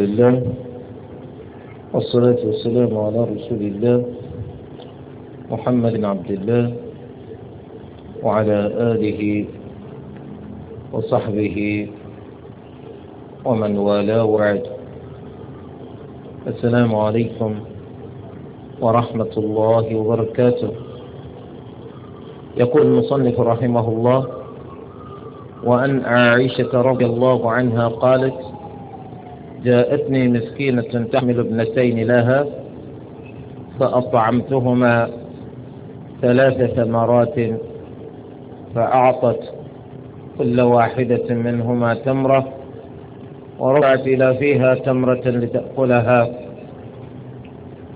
لله والصلاة والسلام على رسول الله محمد بن عبد الله وعلى آله وصحبه ومن والاه وعد السلام عليكم ورحمة الله وبركاته يقول المصنف رحمه الله وأن عائشة رضي الله عنها قالت جاءتني مسكينة تحمل ابنتين لها فأطعمتهما ثلاث ثمرات فأعطت كل واحدة منهما تمرة ورفعت إلى فيها تمرة لتأكلها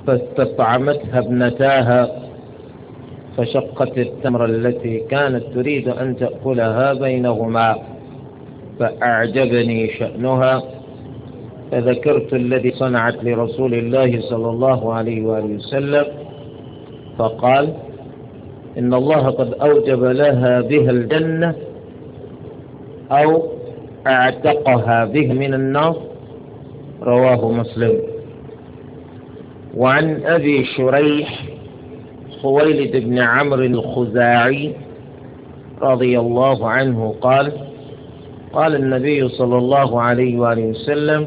فاستطعمتها ابنتاها فشقت التمرة التي كانت تريد أن تأكلها بينهما فأعجبني شأنها فذكرت الذي صنعت لرسول الله صلى الله عليه وآله وسلم فقال إن الله قد أوجب لها بها الجنة أو أعتقها به من النار رواه مسلم وعن أبي شريح خويلد بن عمرو الخزاعي رضي الله عنه قال قال النبي صلى الله عليه وآله وسلم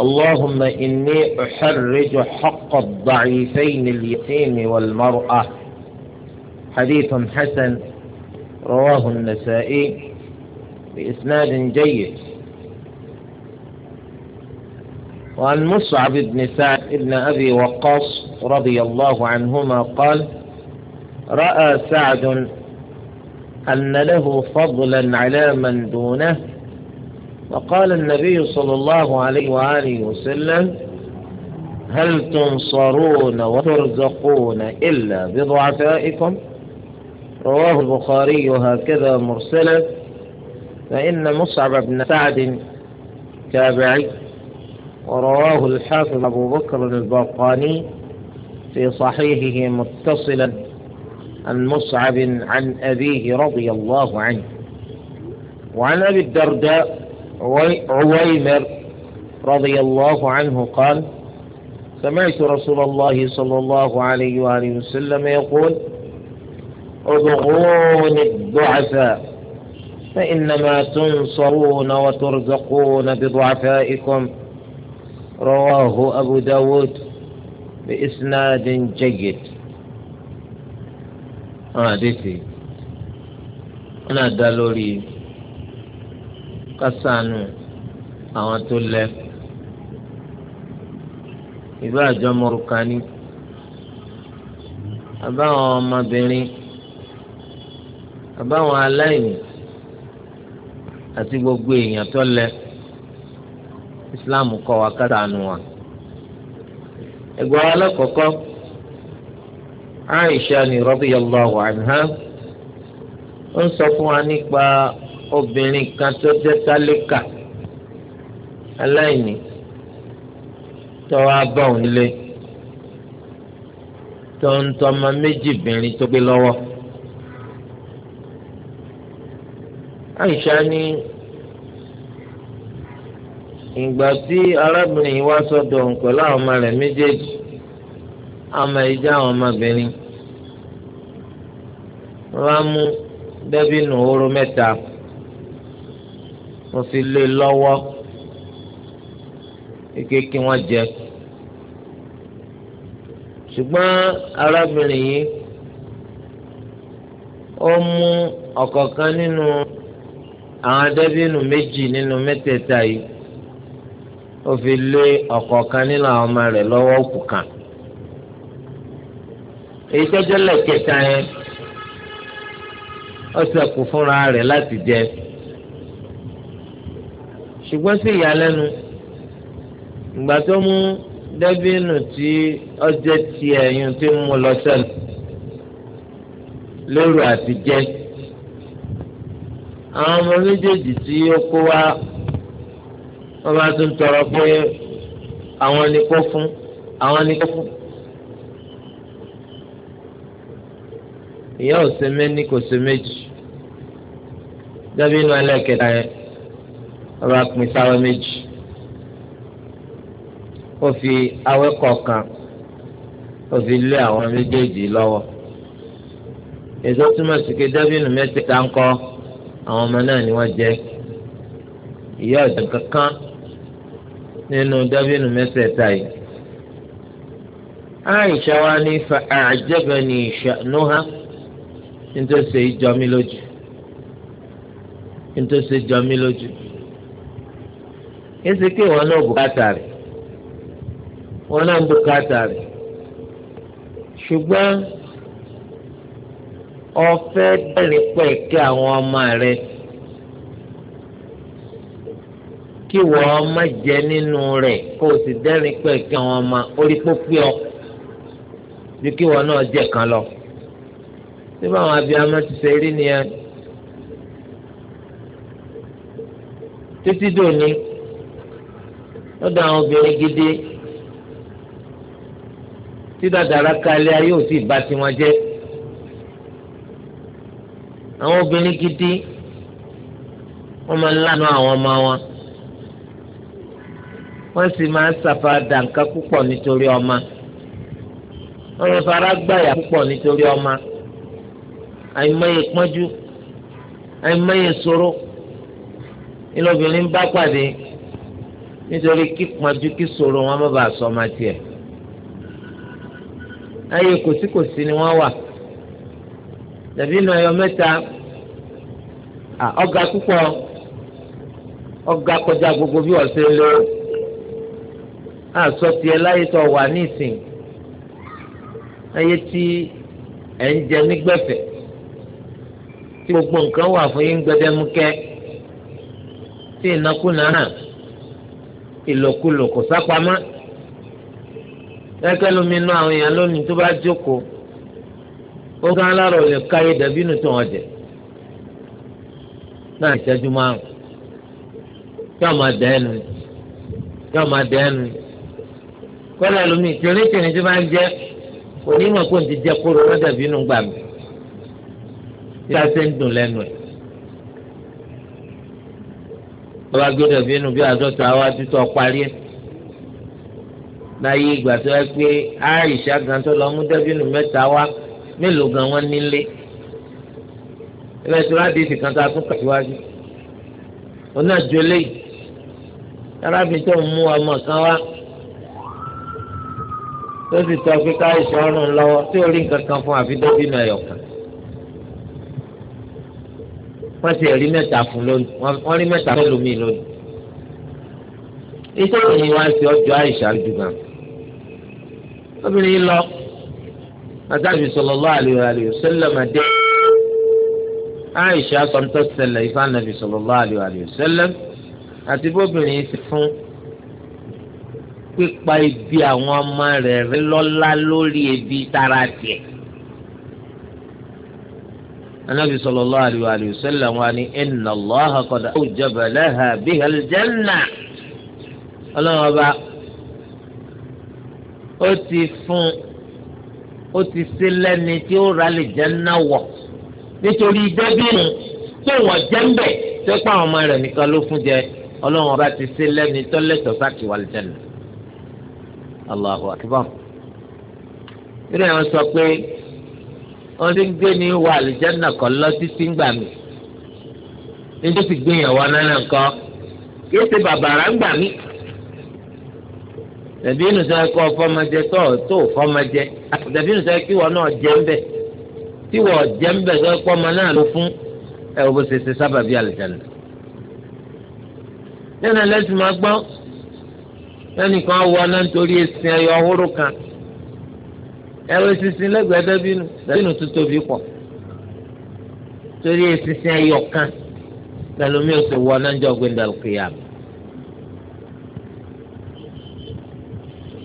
اللهم إني أحرج حق الضعيفين اليتيم والمرأة حديث حسن رواه النسائي بإسناد جيد وعن مصعب بن سعد بن أبي وقاص رضي الله عنهما قال رأى سعد أن له فضلا على من دونه وقال النبي صلى الله عليه وآله وسلم هل تنصرون وترزقون إلا بضعفائكم رواه البخاري هكذا مرسلا فإن مصعب بن سعد تابعي ورواه الحافظ أبو بكر البرقاني في صحيحه متصلا عن مصعب عن أبيه رضي الله عنه وعن أبي الدرداء عويمر رضي الله عنه قال سمعت رسول الله صلى الله عليه وآله وسلم يقول ابغوني الضعفاء فإنما تنصرون وترزقون بضعفائكم رواه أبو داود بإسناد جيد آه ديتي أنا دالوري kásánù àwọn tó lẹ ìbá àjọmọrùkání àbáwọn ọmọbìnrin àbáwọn aláìní àti gbogbo èèyàn tó lẹ islam kọ́ wa kásánù wa ẹgbẹ́ wa lọ́kọ̀ọ́kọ́ aisha ni radiyallahu anha ń sọ fún wa nípa. obìnrin kan tó jẹ́ tálíkà aláìní tó wá bá òun lé tó ń tọ́mọ méjì bìnrin tó gbé lọ́wọ́. Àìṣà ní ìgbà tí arábìnrin yìí wá sọ́dọ̀ òun àwọn ọmọ rẹ̀ méjèèjì àmọ́ ìjà àwọn ọmọbìnrin wọ́n á mú dẹ́bìnú oró mẹ́ta mo sì lé lọ́wọ́ ike kí wọ́n jẹ ṣùgbọ́n arábìnrin yìí ó mú ọ̀kọ̀ọ̀kan nínú àwọn adẹ́bínú méjì nínú mẹ́tẹ̀ẹ̀ta yìí ó fi lé ọ̀kọ̀ọ̀kan nínú àwọn ọmọ rẹ̀ lọ́wọ́ òkú èyí tọ́jú lẹ́kẹ̀ẹ́ta yẹn ó ṣẹ́kù fúnra rẹ̀ láti jẹ ṣùgbọ́n sí ìyàlẹ́nu ìgbà tó mú dẹ́bínù tí ọjẹ́ tiẹ̀ yun tí mú lọ sẹ́nu lérò àti jẹ́ àwọn ọmọ méjèèjì tí ó kó wá wọ́n bá tún tọrọ pé àwọn ni kó fún àwọn ni kó fún. ìyá ò ṣe méní kò ṣe méjì dẹ́bínù ẹlẹ́kẹ̀ta yẹn ọba pín sáwọ méjì ó fi awẹ́ kọ̀ọ̀kan ó fi lé àwọn méjèèjì lọ́wọ́ èso túmọ̀ sí pé dábìlì mẹ́tẹ̀ẹ̀ta ń kọ́ àwọn ọmọ náà ni wọ́n jẹ́ ìyá ọ̀dọ̀ kankan nínú dábìlì mẹ́tẹ̀ẹ̀ta yìí. Aisha wa ni fa àjẹbẹ̀ni ìṣànúhà nítòsí ìjọmí lójú nítòsí ìjọmí lójú èsì pé wọn náà bùkátà rẹ̀ wọn náà bùkátà rẹ̀ ṣùgbọ́n ọ̀fẹ́ dẹ́rìn pẹ̀kẹ́ àwọn ọmọ rẹ̀ kí wọ́n má jẹ nínú rẹ̀ kó o sì dẹ́rìn pẹ̀kẹ́ àwọn ọmọ orí ọ ju kí wọ́n náà jẹ kan lọ tí báwọn abiyamọ ti ṣe rí nìyẹn títí dòní lọ́dọ̀ àwọn obìnrin gidi tí dàdàrà kalẹ̀ ayé ò sì bá tiwọn jẹ́ àwọn obìnrin gidi wọ́n máa ń lànà àwọn ọmọ wọn wọ́n sì máa ń sàfà dànkà púpọ̀ nítorí ọmọ wọ́n máa fara gbàyà púpọ̀ nítorí ọmọ àìmọye pọ́njú àìmọye ṣòro ilé obìnrin bá pàdé nítorí kí pọ́njú kí ṣòro wọn má sọ ọmọ tiẹ̀ ayé kòsíkòsí ni wọ́n wà dàbí inú ẹyọ mẹ́ta ọ̀gá púpọ̀ ọ̀gá kọjá gbogbo bí ọ̀sẹ̀ ń lò àsọ tiẹ̀ láyé tó wà ní ìsìn ayé tí ẹ̀ ń jẹ nígbẹ̀fẹ̀ tí gbogbo nǹkan wà fún yín gbẹdẹmukẹ́ tí ìnákùná hàn ìlòkulò kò sápamọ́ gẹ́gẹ́ lómi inú àwọn èèyàn lónìí tó bá jókòó ó gán alárò lè káyé dàbí inú tó wọn jẹ náà ìṣẹ́jú márùn yóò máa dẹ́ ẹnu yóò máa dẹ́ ẹnu kọ́lá lómi tìrìtìrì tó bá ń jẹ onímọ̀ kó n ti jẹ kóró wọ́n dàbí inú gbà mí ṣe ń dùn lẹ́nu ẹ̀. ọba gbọ́dọ̀ bínú bí àádọ́ta wa títọ́ parí ẹ̀ láyé ìgbà tó yẹ pé àìsà gan tó lọ mú dẹ́bínú mẹ́ta wá mélòó gan wọ́n nílé ẹlẹ́sìn rádìsì kan tó a tún kàṣíwájú òun náà ju eléyìí arábìnrin tó ń mú ọmọ kan wá tó sì tọ́ pé káyọ̀sọ̀ ọ̀run lọ́wọ́ tí ó rí nǹkan kan fún àfi dẹ́bínú ẹ̀yọ̀kan wọ́n ti rí mẹ́ta fún lónìí wọ́n rí mẹ́ta fún lómi lónìí. iṣẹ́ ìròyìn wa ṣe ọjọ́ àìsà jù gan. obìnrin lọ adájú sallallahu alaihi wa sallam dé àìsà sọ̀tọ̀ ṣẹlẹ̀ ifá nàbì sallallahu alaihi wa sallam àti bóbìnrin ti fún pípa ibi àwọn ọmọ rẹ̀ rí lọ́lá lórí ibi tara tiẹ̀ anabi sallallahu alayhi wa sallam wa ni inna allaha qad awjaba laha biha aljanna ọlọ́run ọba ó ti fún ó ti sí lẹ́ni tí ó ra lè janna wọ̀ nítorí dẹ́bìnrin tó wọ̀ jẹ́ńbẹ̀ tó pa àwọn ọmọ rẹ̀ nìkan ló fún jẹ ọlọ́run ọba ti sí lẹ́ni tó lẹ́tọ̀ọ́ sáàkì wà aljanna allahu akbar. irú ẹ̀ wọ́n sọ pé wọn ti ń gbé ní wà àlìjáná kọ lọ títí ń gbà mí níjó ti gbìyànwó nánà nǹkan yóò ṣe bàbàrà ń gbà mí dàbí inú sọ kọ fọmọjẹ tó tó fọmọjẹ dàbí inú sọ kí wọn náà jẹ ń bẹ tí wọn jẹ ń bẹ sọ pé ọmọ náà ló fún ẹ wò bó ṣe ṣe sábàbí àlìjáná nínú ẹlẹ́sìn máa gbọ́ lẹ́nìkan wọ náà nítorí ẹ̀sìn ẹ̀yọ ọhúrú kan ẹ̀rọ ìsinsin lẹ́gbẹ̀ẹ́ dẹ́bínú dẹ́bínú tó tóbi pọ̀ torí ìsinsin ẹyọ kan pẹ̀lúmi ò sì wọ nájọ́ gbẹ̀ndàlù kìyàm.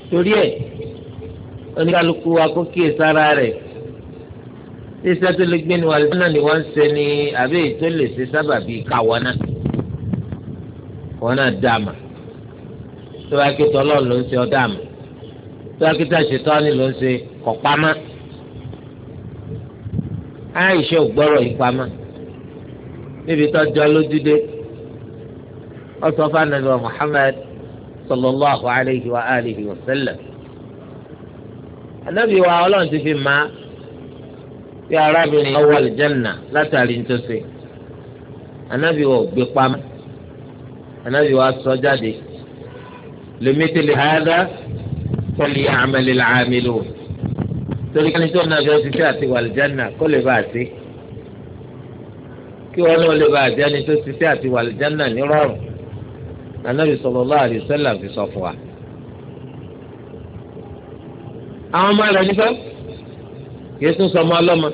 torí ẹ̀ oníkálukú akókíyè sára rẹ̀ iṣẹ́ tó lè gbé ni wà lọ́nà ni wọ́n ń ṣe ni àbí èyí tó lè ṣe sábà bíi káwọn náà wọn náà dààmú tó bá kí tọ́lọ́ ló ń ṣe ọ́ dààmú tó bá kí tàṣetọ́ ni ló ń ṣe kọ̀ pamọ́ Aisha ò gbọ́rọ̀ yìí pamọ́ níbi tó jọ lójúdé ọsọfà nàbẹ Muhammad sallallahu alayhi wa alihi wa sallam anabi wa Ọlọ́run ti fi máa bí arábìnrin ọwọ́ àlìjẹ́nà látàrí ntọ́sí anabi wa gbé pamọ́ anabi wa sọ jáde lèmi tẹ̀lé hàdá tẹ̀lé àmàlẹ́ làmìlú torí kí ni tó náà fẹ́ ṣiṣẹ́ àti wàlìjánà kó lè bá a ṣe kí wọn náà lè bá a jẹ́ ni tó ṣiṣẹ́ àti wàlìjánà ní rọrùn Ànábì sallallahu alaihi wasallam fi sọ fún wa. àwọn ọmọ rẹ̀ nífẹ̀ẹ́ kì í tún sọmọ ọlọ́mọ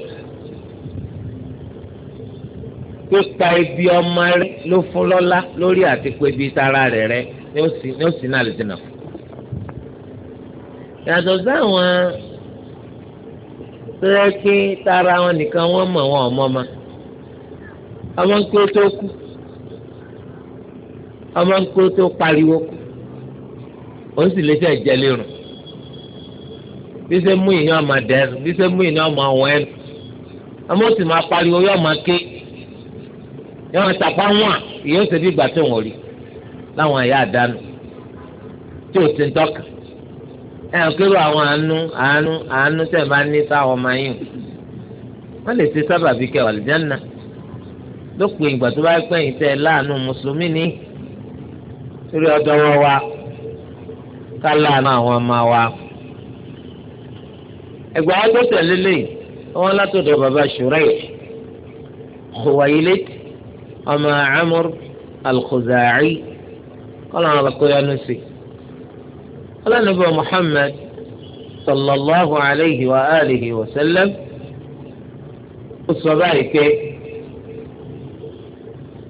pípa ibi ọmọ rẹ̀ ló fún lọ́lá lórí àti ibi tara rẹ̀ rẹ̀ ni ó sì náà lè yàtọ̀ sáwọn tó yẹ pé tara wọn nìkan wọ́n mọ̀ wọn ọmọ ma ọmọ ń kó tó kú ọmọ ń kó tó pariwo kú òun sì lè ṣe ìjẹlẹ rùn bí ṣe mú ìyàn ọmọ dẹrù bí ṣe mú ìyàn ọmọ ọwọn ẹnu ọmọ sì máa pariwo yóò máa ké yóò máa tàpá wọn ìyóò ṣe bí ìgbà wọn rí láwọn ẹ̀yà àdánù tí ò ti ń dọ́kàn ẹ hàn kérò àwọn àánú àánú àánú tẹ̀ bá ní sáwọn ọmọ yín wọ́n lè ṣe sábàbí kẹ́ wà lìjánà lópin ìgbà tó bá pẹ́ yìí tẹ́ láàánú mùsùlùmí ní lórí ọ̀dọ̀ wọn wa ká láàánú àwọn ọmọ wa. ẹgbẹ́ wa tó wọn látọ̀dọ̀ bàbá ṣùrẹ́yì khuwailid ọmọ amúr alkhuza'i kọ́lọ́n àlọ́kọ́yánú sí i. قال النبي محمد صلى الله عليه وآله وسلم الصبايك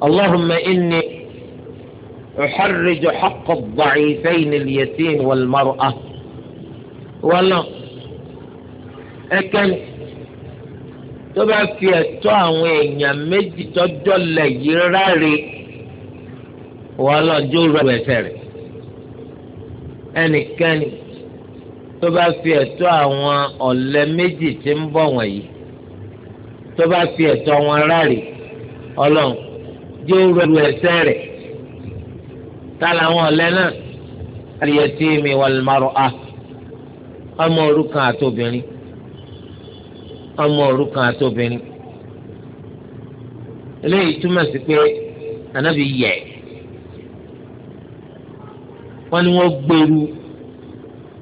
اللهم إني أحرج حق الضعيفين اليتيم والمرأة والله أكن تبع في التعوين يمجد تجل يراري والله جور وفرق ẹnikẹ́ni tó bá fi ẹ̀tọ́ àwọn ọ̀lẹ́ méjì tí ń bọ̀ wọ̀nyí tó bá fi ẹ̀tọ́ wọn ráre ọlọ́run jẹ́ òru ẹ̀ṣẹ̀ rẹ̀ tá làwọn ọ̀lẹ́ náà àlìyẹtì mi wal mar'a ọmọ òrukàn àtobìnrin ọmọ òrukàn àtobìnrin eléyìí túmọ̀ sí pé ànábì yẹ̀ ẹ́ wọ́n ní wọ́n gbèrú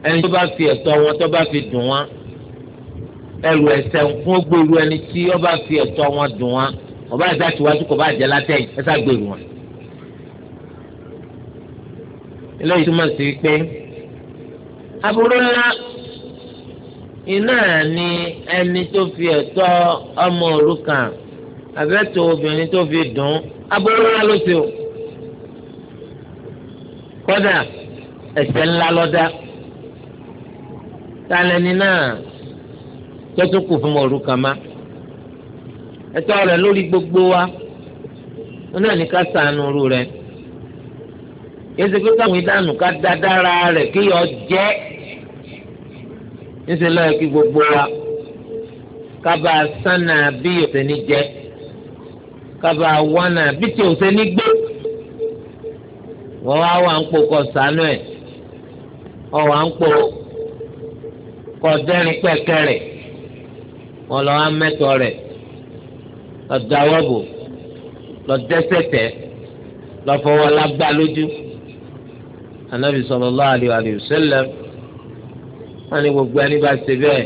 ẹni tó bá fi ẹ̀tọ́ wọn tó bá fi dùn wọn ẹrù ẹ̀ṣẹ̀ fún gbèrú ẹni tí ó bá fi ẹ̀tọ́ wọn dùn wọn ọba ẹ̀ṣẹ̀ àtiwájú kò bá jẹ́ látẹ̀yìn ẹ̀ṣẹ̀ àgbèrú wọn. eléyìí túmọ̀ sí pé aburú ńlá iná ni ẹni tó fi ẹ̀tọ́ ọmọ òrukàn àbẹ́tò obìnrin tó fi dùn aburú ńlá ló ṣe o ẹ̀ṣẹ̀ ńlá lọ́dá tálẹ́ni náà tó tún kù fún òrukàn má ẹ̀tọ́ rẹ̀ lórí gbogbo wa wọn náà ní ká sànù rú rẹ̀ yéésì pé ìdánù ká dáadára rẹ kí yọ jẹ́ níṣẹ́ lọ́yọ̀ kí gbogbo wa kaba sánà bí wánà bí tí gbé wá wà ń ọwọ́ à ń pò kọ̀dẹ́rin pẹ̀kẹ́ rẹ̀ wọ́n lọ́ọ́ amẹ́tọ̀ rẹ̀ lọ́dàwọ́bò lọ́dẹ́sẹ̀tẹ̀ lọ́fọwọ́ lágbá lójú anabi sallallahu alaihi sallam wọ́n ní gbogbo ẹni bá ṣe bẹ́ẹ̀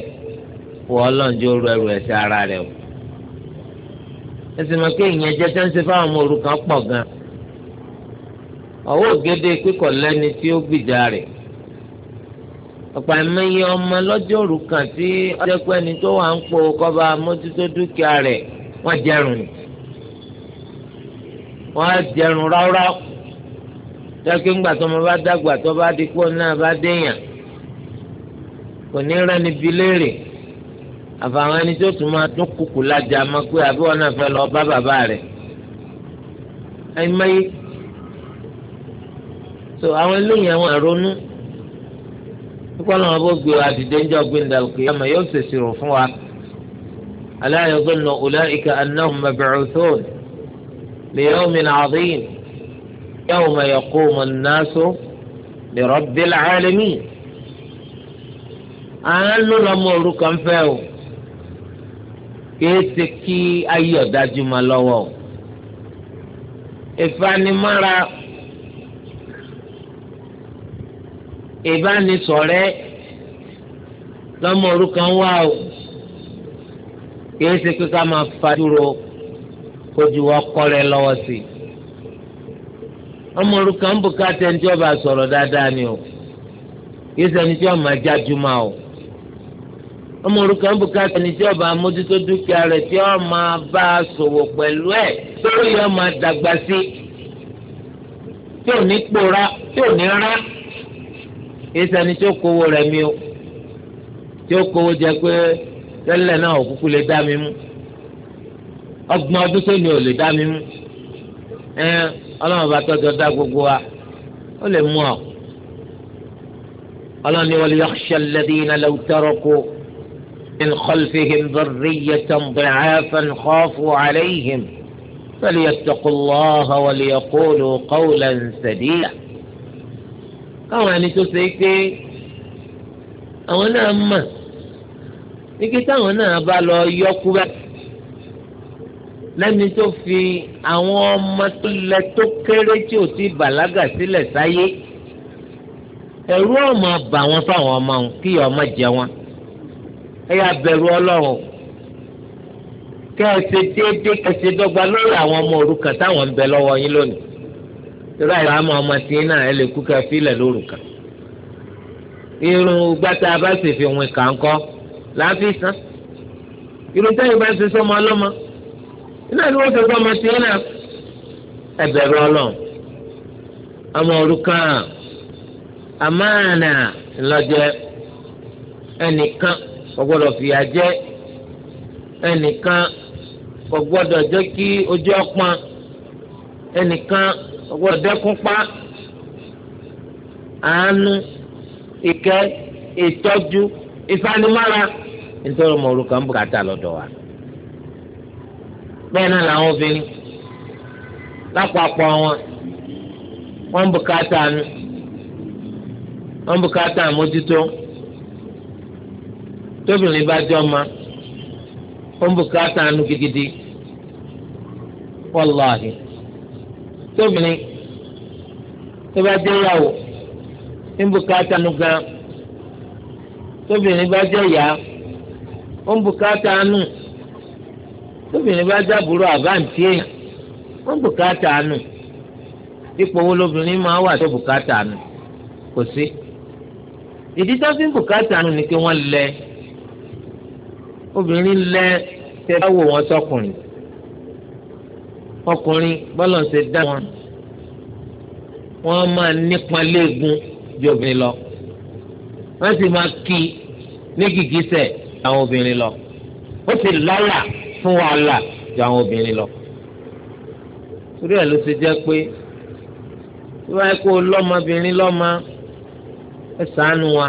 wọ́n ọlọ́njẹ́ oru ẹrù ẹ̀ṣẹ̀ ara rẹ̀ o ẹsìn máa pé ìyẹn jẹ́ sẹ́ńsì fáwọn ọmọ òrukàn pọ̀ gan ọwọ́ ògede kíkọ̀ lẹ́ni tí ó gbìjà rẹ̀ ọ̀pọ̀ àìmọye ọmọ lọ́jọ́ òru kan tí ọjọ́ pé ẹni tó wà ń po kọ́ba mójútó dúkìá rẹ̀ wọ́n jẹrun ni wọ́n jẹrun ráúráú jẹ́kí ńgbà tó mo bá dàgbà tó bá di pọ́ náà bá déyàn kò ní rẹ́ni bi léèrè àfàwọn ẹni tó tún máa tún kùkù lájà mọ́ pé àbí wọn náà fẹ́ lọ bá bàbá rẹ̀ ẹ̀yìn mẹ́yì tó àwọn eléyìí àwọn àrònú kíkọ́ lọ́wọ́ bó gbé wa dìde ń jọ gbẹ̀ndà al-qiyamah yóò ṣèṣì rò fún wa. ala yazunnu ulaika annahum mab'uthun li yawmin 'azim yawma yaqumu an-nasu li rabbil 'alamin. à ń lò lọ́mọ orúkọ ń o kìí kí ayé ọ̀dájú máa lọ́wọ́ ìfanimára. E ìbánisọ̀rẹ́ lọ́mọ òrukàn wá o kìí ṣe pé ká máa fadúró kojú ọkọlẹ̀ lọ́wọ́ sí i ọmọ òrukàn ń bùkátà ẹni tí sọ̀rọ̀ dáadáa ni o kìí ṣe ẹni tí o ọmọ òrukàn ń bùkátà ẹni tí wọ́n bá dúkìá rẹ̀ tí wọ́n bá a ṣòwò pẹ̀lú ẹ̀ lórí ọmọ àdàgbà sí tí ò ní tí ìsẹni tí ó kówó rẹ̀ mi o tí ó kówó jẹ pé tẹ́lẹ̀ náà kúkú lè dá mi mú ọgbọ̀n ọdún sóni ò lè dá mi mú ẹ ọlọ́run bá tọ́jú dá gbogbo wa ó lè mú ọ ọlọ́run ni kó hìm wal yakhsha alladhina law taraku min khalfihim dhurriyyatan dhi'afan khafu alayhim falyattaqullaha wa liyaqulu qawlan sadida. táwọn ẹni tó ṣe é pé àwọn náà mà nígbà táwọn náà bá lọ yọkú bẹ́ẹ̀ lẹ́ni tó fi àwọn ọmọ tó lẹ tó kéré tí ò ti bàlágà sílẹ̀ sáyé ẹ̀rú ọmọ bà wọn fáwọn ọmọ wọn kí ọmọ jẹ wọn ẹ yà bẹ̀rù ọlọ́run kẹ́ ẹ ṣe déédéé kẹ́ ẹ ṣe dọ́gba lórí àwọn ọmọ òrukàn táwọn ń bẹ lọ́wọ́ yín lónìí. torí àìrà àmọ́ ọmọ tí náà ẹ lè kú ká fílẹ̀ lórúkà irun gbàtà bá sì fi wọn kà ń kọ́ láàfin sàn irun táyì bá ṣe sọmọ ọlọ́mọ iná ọmọ tí náà ẹ̀bẹ̀rẹ̀ ọlọ́run ọmọ òrukàn àmàna ńlọjẹ ẹnìkan kò fìyà jẹ ẹnìkan ọgbọ́dọ̀ dẹ́kun pa àánú ìkẹ́ ìtọ́jú ìfanimára nítorí ọmọ òrukàn ń bùkátà lọ́dọ̀ wa bẹ́ẹ̀ náà làwọn obìnrin lápapọ̀ wọn wọ́n ń bùkátà nu wọ́n ń bùkátà mójútó tóbìnrin bá jọ ma ó ń bùkátà nu gidigidi wọ́n lọ́ọ̀hìn tóbìnrin tó bá jẹ́ ìyàwó ń bùkátà nu gan tóbìnrin bá jẹ́ ìyá ń bùkátà nù tóbìnrin bá jábúrò àbáǹtí èèyàn ń bùkátà nù ipò wo lóbìnrin máa wà tó bùkátà nù kò sí ìdí tó fi ń bùkátà nù ni pé wọ́n lẹ obìnrin lẹ tẹ́ bá wò wọ́n sọkùnrin ọkùnrin bọ́lọ̀ ń ṣe dá wọn wọ́n máa nípa léegun ju obìnrin lọ wọ́n sì máa kí ní gìgísẹ̀ àwọn obìnrin lọ ó sì lọ́là fún wàhálà ju àwọn obìnrin lọ. torí ẹ̀ ló ṣe jẹ́ pé tí wọ́n á kó lọ́mọbìnrin lọ́mọ ẹ ṣàánú wa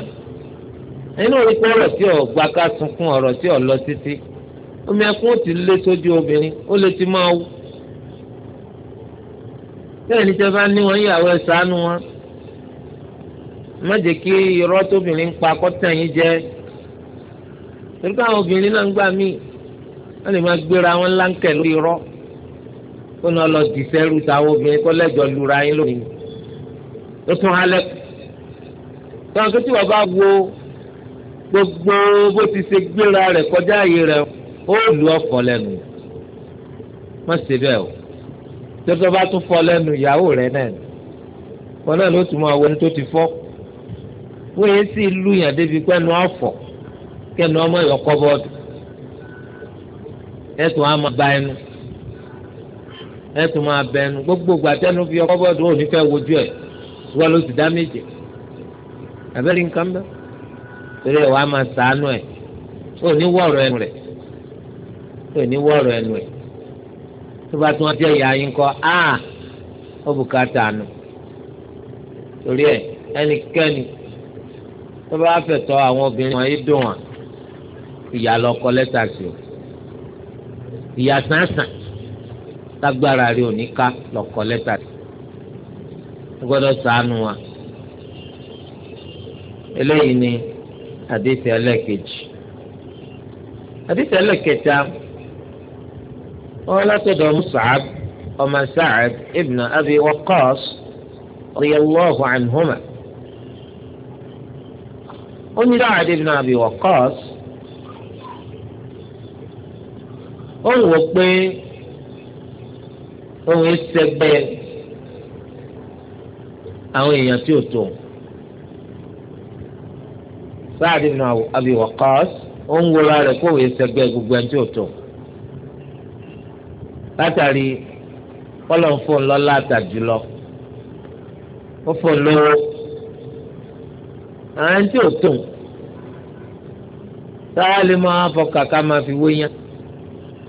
nínú oríkọ ọ̀rọ̀ tí ò gba ká sunkún ọ̀rọ̀ tí ò lọ títí omi ẹkún ó ti lé sójú obìnrin ó lè ti máa wú bẹ́ẹ̀ ni tẹ́ bá ní wọn yàwó ẹ̀ sànú wọn má jẹ́ kí irọ́ tóbìnrin pa kọ́tà yín jẹ́ torí káwọn obìnrin náà ń gbà míì wọ́n lè máa gbéra wọn láǹkẹ̀ lórí irọ́ kó ní ọlọ́dì sẹ́rù táwọn obìnrin kọ́ lẹ́jọ́ lura yín lónìí ó tún halẹ̀ kù táwọn tó tí wọ́n bá wo gbogbo bó ti ṣe gbéra rẹ̀ kọjá ààyè rẹ̀ ó lù ọkọ̀ lẹ́nu má ṣe bẹ́ẹ̀ o tọ́tọ́ bá tún fọ́ lẹ́nu ìyàwó rẹ̀ náà wọn náà ló tún máa wọ ẹni tó ti fọ́ wọ́n yẹn sì lù yàn débi pẹ́ẹ́nu ọ̀fọ̀ kẹ́nu ọmọ yọ kọ́bọ́ọ̀dù ẹ̀tún á máa ba ẹnu ẹ̀tún máa bẹ ẹnu gbogbo gbàtẹ́nu fi yọ kọ́bọ́ọ̀dù ò ní fẹ́ wojú ẹ̀ wọ́n ló ti dá méje àbẹ́rẹ́ nǹkan bẹ́ẹ̀ torí ẹ̀ wọ́n á máa sàánú ẹ̀ ò ní wọ̀rọ̀ ẹnu rẹ̀ ò ní wọ̀rọ̀ ẹnu rẹ̀ tó bá tí wọ́n jẹ́ ìyá yín kọ́ á ah, ó bùkátà nù torí ẹ ẹnikẹ́ni tó bá fẹ̀tọ́ àwọn obìnrin wọ̀nyí dùn wọn ìyá lọ́kọ lẹ́tà sí o ìyá sàǹsàn lágbára rẹ òní ká lọ́kọ lẹ́tà sí o gbọ́dọ̀ ṣàánú wa eléyìí ni àdéhìí ẹlẹ́ẹ̀kejì àdéhìí ẹlẹ́ẹ̀kẹta. wọn látọ̀dọ̀ Mus'ab ọmọ Sa'ad ibn Abi na radiyallahu anhuma ó Sa'ad ibn Abi Waqqas ó ń na pé òun ẹsẹ̀gbẹ́ àwọn èèyàn tí ò tó Sa'ad ibn Abi Waqqas ó ń wò kó gbogbo látàrí ọlọ́run fún un lọ́lá àtàjùlọ ó fún un lówó àwọn ẹni tí ò tó táwa lè máa fọkà ká máa fi wéyàn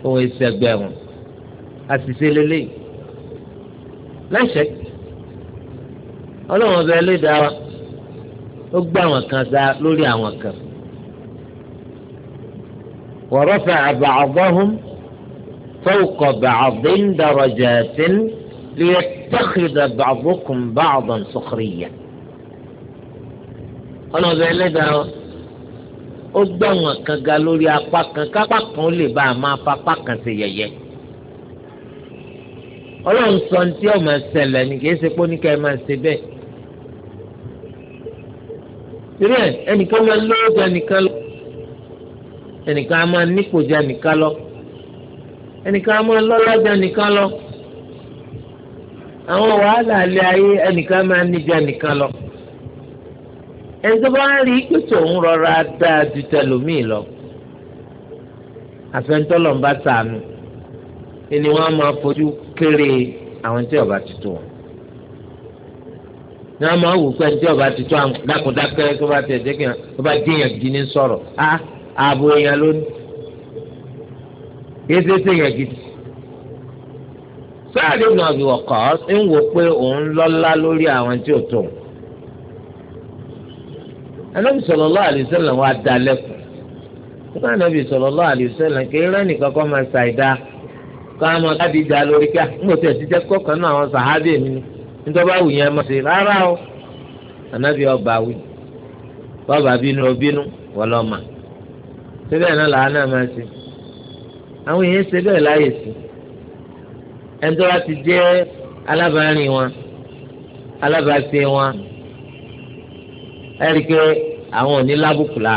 òun ìṣẹ̀gbẹ̀ wọn àṣìṣe lélẹ́yìí láṣẹ ọlọ́run ọbẹ̀ lè dára ó gbé àwọn kan dá lórí àwọn kan wọ́n rọ́fẹ̀ àbàwọ́hún فوق بعض درجات ليتخذ بعضكم بعضا سخريا ọ̀nà ọ̀bẹ ẹlẹ́dàá ó gbọ̀wọ̀n kan ga lórí apá kan kápá kan ó lè bá a máa fa apá kan ṣe yẹ̀yẹ́ ọlọ́run sọ ní tí ọmọ ẹsẹ̀lẹ̀ ní kì í ṣe pé oníkẹ́ ẹ máa ṣe bẹ́ẹ̀ torí ẹnìkan máa lówó jẹ ẹnìkan lọ ẹnìkan máa nípò jẹ ẹnìkan lọ ẹnìkan á máa lọ lọ́jà nìkan lọ àwọn wàhálà alẹ́ ayé ẹnìkan máa níjà nìkan lọ ẹni bá rí pé tòun rọra dáa ju tẹlómìn lọ àfẹnutọ́lọ́mbà sànù ni wọ́n á máa fojú kéré àwọn tí ọba tuntun wọn ní wọn máa wù pé ẹni tí ọba tuntun dákúndákẹ́ tó bá tẹ̀ jẹ́ kí wọn tó bá jẹ́yàn gidi sọ̀rọ̀ á ah, ààbò èèyàn lónìí kìí ṣe ṣe yẹ gidi. Sa'd ibn Abi ń wò pé òun lọ́lá lórí àwọn tí ò tó. Ànábì sallallahu alaihi wasallam wá dá lẹ́kùn. Nígbà Ànábì sallallahu alaihi wasallam kìí rẹ́ nìkan kọ́ máa ṣàìdá káàmọ́ láti dá lórí ká ńgbọ̀tẹ̀ ti jẹ́ kọ́kàn náà àwọn sàhábì mi nítorí bá wù yẹn máa ṣe rárá o. Ànábì ọba wí bọ́ọ̀bà bínú obínú síbẹ̀ náà máa ṣe. àwọn èèyàn ṣe bẹ́ẹ̀ láyè sí ẹni tó bá ti jẹ́ alábàárìn wọn alábàáṣe wọn ẹ̀rí pé àwọn ò ní lábùkù la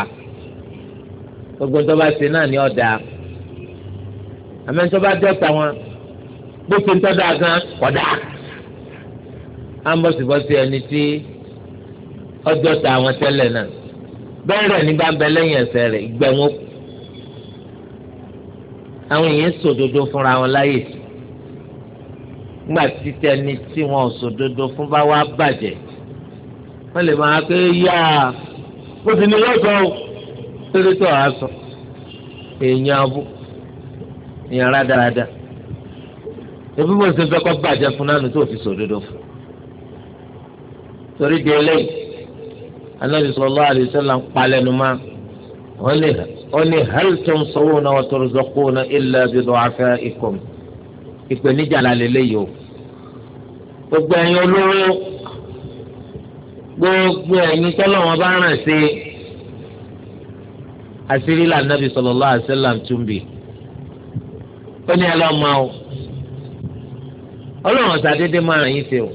gbogbo tó bá ṣe náà ní ọ̀dà àmọ́ tó bá dọ́ta wọn bó ṣe ń tọ́ da gan kọ̀dá á ń bọ̀sibọ́sí ẹni tí ọjọ́ ta àwọn tẹ́lẹ̀ náà bẹ́ẹ̀ rẹ̀ ní bá bẹ lẹ́yìn ẹsẹ̀ rẹ̀ ìgbẹ́ wọn kù àwọn èèyàn sòdodo fúnra wọn láyè sí nígbà tí tẹni tí wọn ò sòdodo fún bá wá bàjẹ́ wọ́n lè máa pé yá bó ti ní wọ́n sọ o péré tó a sọ èèyàn abú èèyàn rádaràda ebi mo ṣe fẹ́ kọ́ bàjẹ́ fún nánu tó fi sòdodo fún torí di anábìsọ̀ lọ́wọ́ àdìsẹ́ là ń palẹ̀ máa wọ́n lè hàn ó ní hal tunsawuna wa turzaquna illa bi du'afaikum ìpèníjà la lélẹ́yìí o gbogbo ẹ̀yin olówó gbogbo ẹ̀yin tọ́lọ̀ wọn bá ràn sí àṣírí là nàbì sallallahu alaihi wasallam túnbì ó ní ẹlọ́mọ o ọlọ́run ṣàdédé máa ràn yín sí o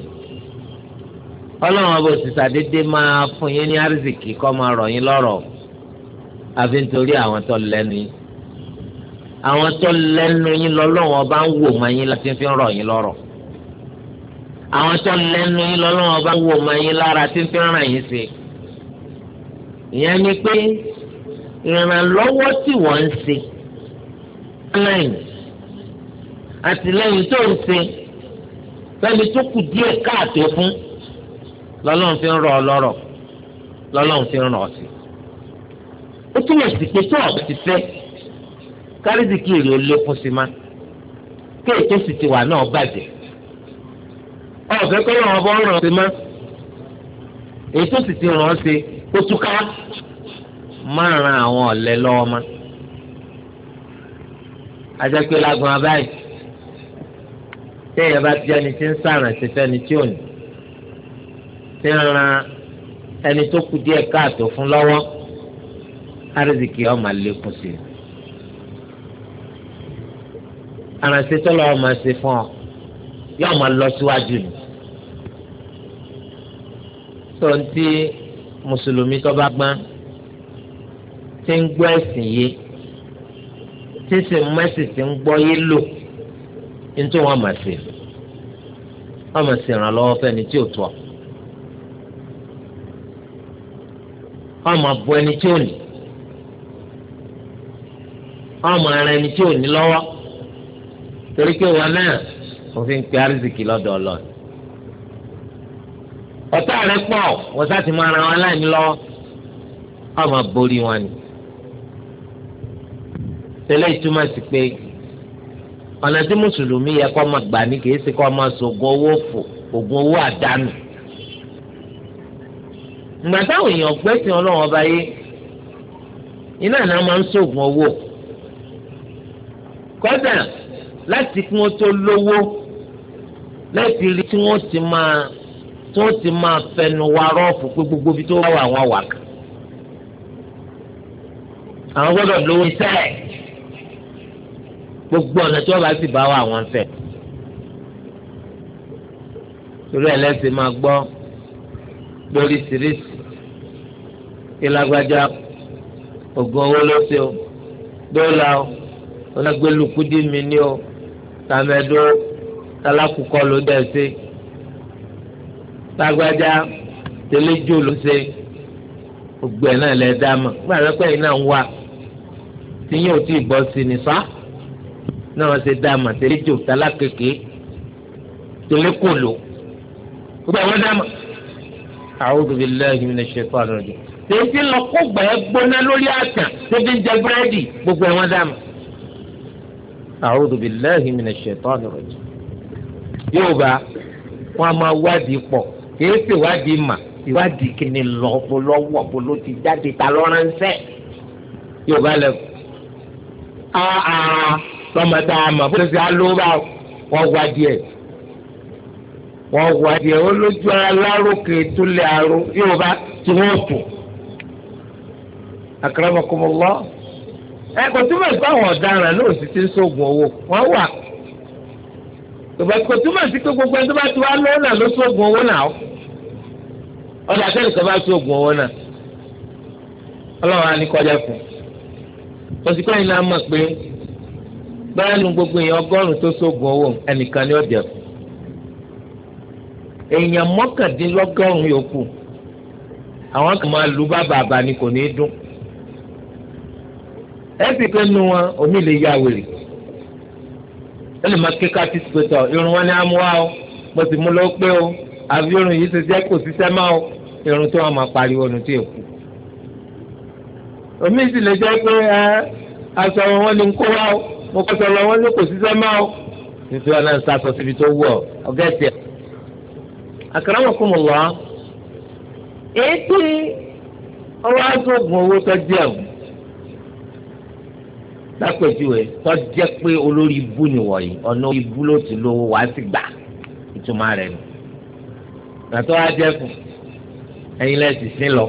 ọlọ́run ọba òsì ṣàdédé máa fún yín ní àrísìkì kọ́ máa rọ̀ yín lọ́rọ̀ àfi nítorí àwọn tó lẹ́nu yín àwọn tó lẹ́nu yín lọ́lọ́wọ́ bá ń wò mọ́ yín láti fi ń rọ̀ yín lọ́rọ̀ àwọn tó lẹ́nu yín lọ́lọ́wọ́ bá ń wò mọ́ yín lára tí ń fi ràn yín sí ìyẹn ni pé ìrànlọ́wọ́ tí wọ́n ń ṣe lẹ́yìn àtìlẹ́yìn tó ń ṣe fẹ́mi tó kù díẹ̀ káàtó fún lọ́lọ́run fi ń rọ̀ ọ lọ́rọ̀ lọ́lọ́run fi ń rọ̀ ọ sí ó túmọ̀ sí pé tó ọ̀bẹ ti fẹ́ kárìsìkì èrè ó lékún sí ma kéèké sì ti wà náà bàjẹ́ ọ̀fẹ́ kọ́ lọ́wọ́ bọ́ ràn sí ma ètò sì ti ràn ṣe ó túká má ran àwọn ọ̀lẹ́ lọ́wọ́ ma ajẹ́pẹ́ lágùn abáyé téèyàn bá ti ẹni tí ń sàràn ti fẹ́ni tí ò ní ti ń ran ẹni tó kù díẹ̀ káàtó fún lọ́wọ́ arizikì ọmọ àlékún sí i àrànṣe tọ́lọ́ ọmọ ṣe fún ọ yóò máa lọ síwájú ni tó ń tí mùsùlùmí tó bá gbọ́n ti ń gbọ́ ẹ̀sìn yé tí sì ń mẹ́sì ti ń gbọ́ yé lò ní tó wọ́n máa ṣe wọ́n máa ṣe ìrànlọ́wọ́ fẹ́ni tí ò tọ́ wọ́n máa bọ́ ẹni tí ò ní ọmọ ara ẹni tí ò ní lọ́wọ́ torí pé wọn náà òfin pe arizikì lọ́dọ̀ ọlọ́ ọ̀tá rẹ pọ̀ wọ́n sá ti mọ ara wọn láì ní lọ́wọ́ ọmọ borí wọn ni tẹ́lẹ̀ ìtumọ̀ sí pé ọ̀nà tí mùsùlùmí yẹ kó máa gbà ní kìí ṣe kó máa sògùn owó fò ògùn owó àdánù ìgbà táwọn èèyàn gbẹ́sìn ọlọ́wọ́n bá iná ìná máa ń sògùn owó kọ́dà láti kí wọ́n tó lówó láti rí tí wọ́n ti máa tí wọ́n ti máa fẹnu wa rọ́ọ̀fù pé gbogbo ibi tó wà wọ́n wà kàn. àwọn gbọ́dọ̀ lówó iṣẹ́ gbogbo ọ̀nà tí wọ́n bá sì bá wà wọ́n fẹ́. torí ẹ̀ lẹ́sìn máa gbọ́ lóríṣiríṣi kí lágbájá ògùn owó ló o dóòlà o onígbélukudi mi ni o tàmẹdó talakukọ ló dẹ ṣe lágbájá tẹlẹjọ ló ṣe gbogbo ẹ náà lẹ dá mọ gbàgbé pẹ́yìn náà ń wá tíyẹn ò tí ì bọ́ sí ni fa náà wọ́n ṣe dá mọ tẹlẹjọ talakeke tẹlẹkọlò gbogbo ẹ wọ́n dá mọ. A'udhu billahi minash shaitani rajim. tèyí ti lọ kó gbẹ́ gbóná lórí àtàn tó ń jẹ búrẹ́dì gbogbo ẹ dá mọ a'udhu billahi minash shaitani rajim. Yorùbá wọn a máa wádìí pọ̀ kìí ṣe ìwádìí mà ìwádìí kìíní lọ polówó polo ti jáde ta lọ́ránṣẹ́ Yorùbá lẹ́kọ̀ọ́. Aa lọ́mọ tá a mọ̀ bóyá ṣe á ló bá wọ́n wádìí ẹ̀ wọ́n wádìí ẹ̀ olójú ara túlẹ̀ àrò Yorùbá tí wọ́n tù. Akramakumullah ẹ kò túmọ̀ sí àwọn ọ̀daràn náà sì ti ń sóògùn owó wọ́n wà kò túmọ̀ sí pé gbogbo ẹni tó bá ti wá lọ́nà ló sóògùn owó náà ọ̀dà tẹ́lẹ̀ kan bá sóògùn owó náà ọlọ́run á ní kọjá fún un òsì pẹ́yìn náà mọ̀ pé báyà nu gbogbo èèyàn ọgọ́rùn-ún tó sóògùn owó ẹnìkan ni ó jẹ fún èèyàn mọ́kàndínlọ́gọ́rùn-ún yòókù àwọn kan máa lu bàbà àbàní kò ní í dún ẹbí pé nu wọn omi lè ya wèrè ẹ lè má ké káàtì sòtọ irun wọn ni á mú o mo sì mú lọ pé o àbí irun yìí ṣe jẹ kò ṣiṣẹ́ má o irun tí wọn máa pariwo nu tí èkó omi sì lè jẹ pé ẹ aṣọ wọn ni ń kó wa o mo kọ́ sọ lọ wọn ni kò ṣiṣẹ́ má o nítorí wọn náà ń sá aṣọ síbi tó wù ọ ọgá ẹsẹ. àkàrà wọn kò mọ wá èyí tí ọwọ́ aṣọ oògùn owó tó jẹun lápèjúwe tọ́jẹ́ pé olórí ibú ni wọ̀nyí ọ̀nà ibú ló ti lówó wá sí gbà ìtumá rẹ̀ nù. Nàtọ́ ajẹ́kù ẹ̀yin lẹ́sìn sí lọ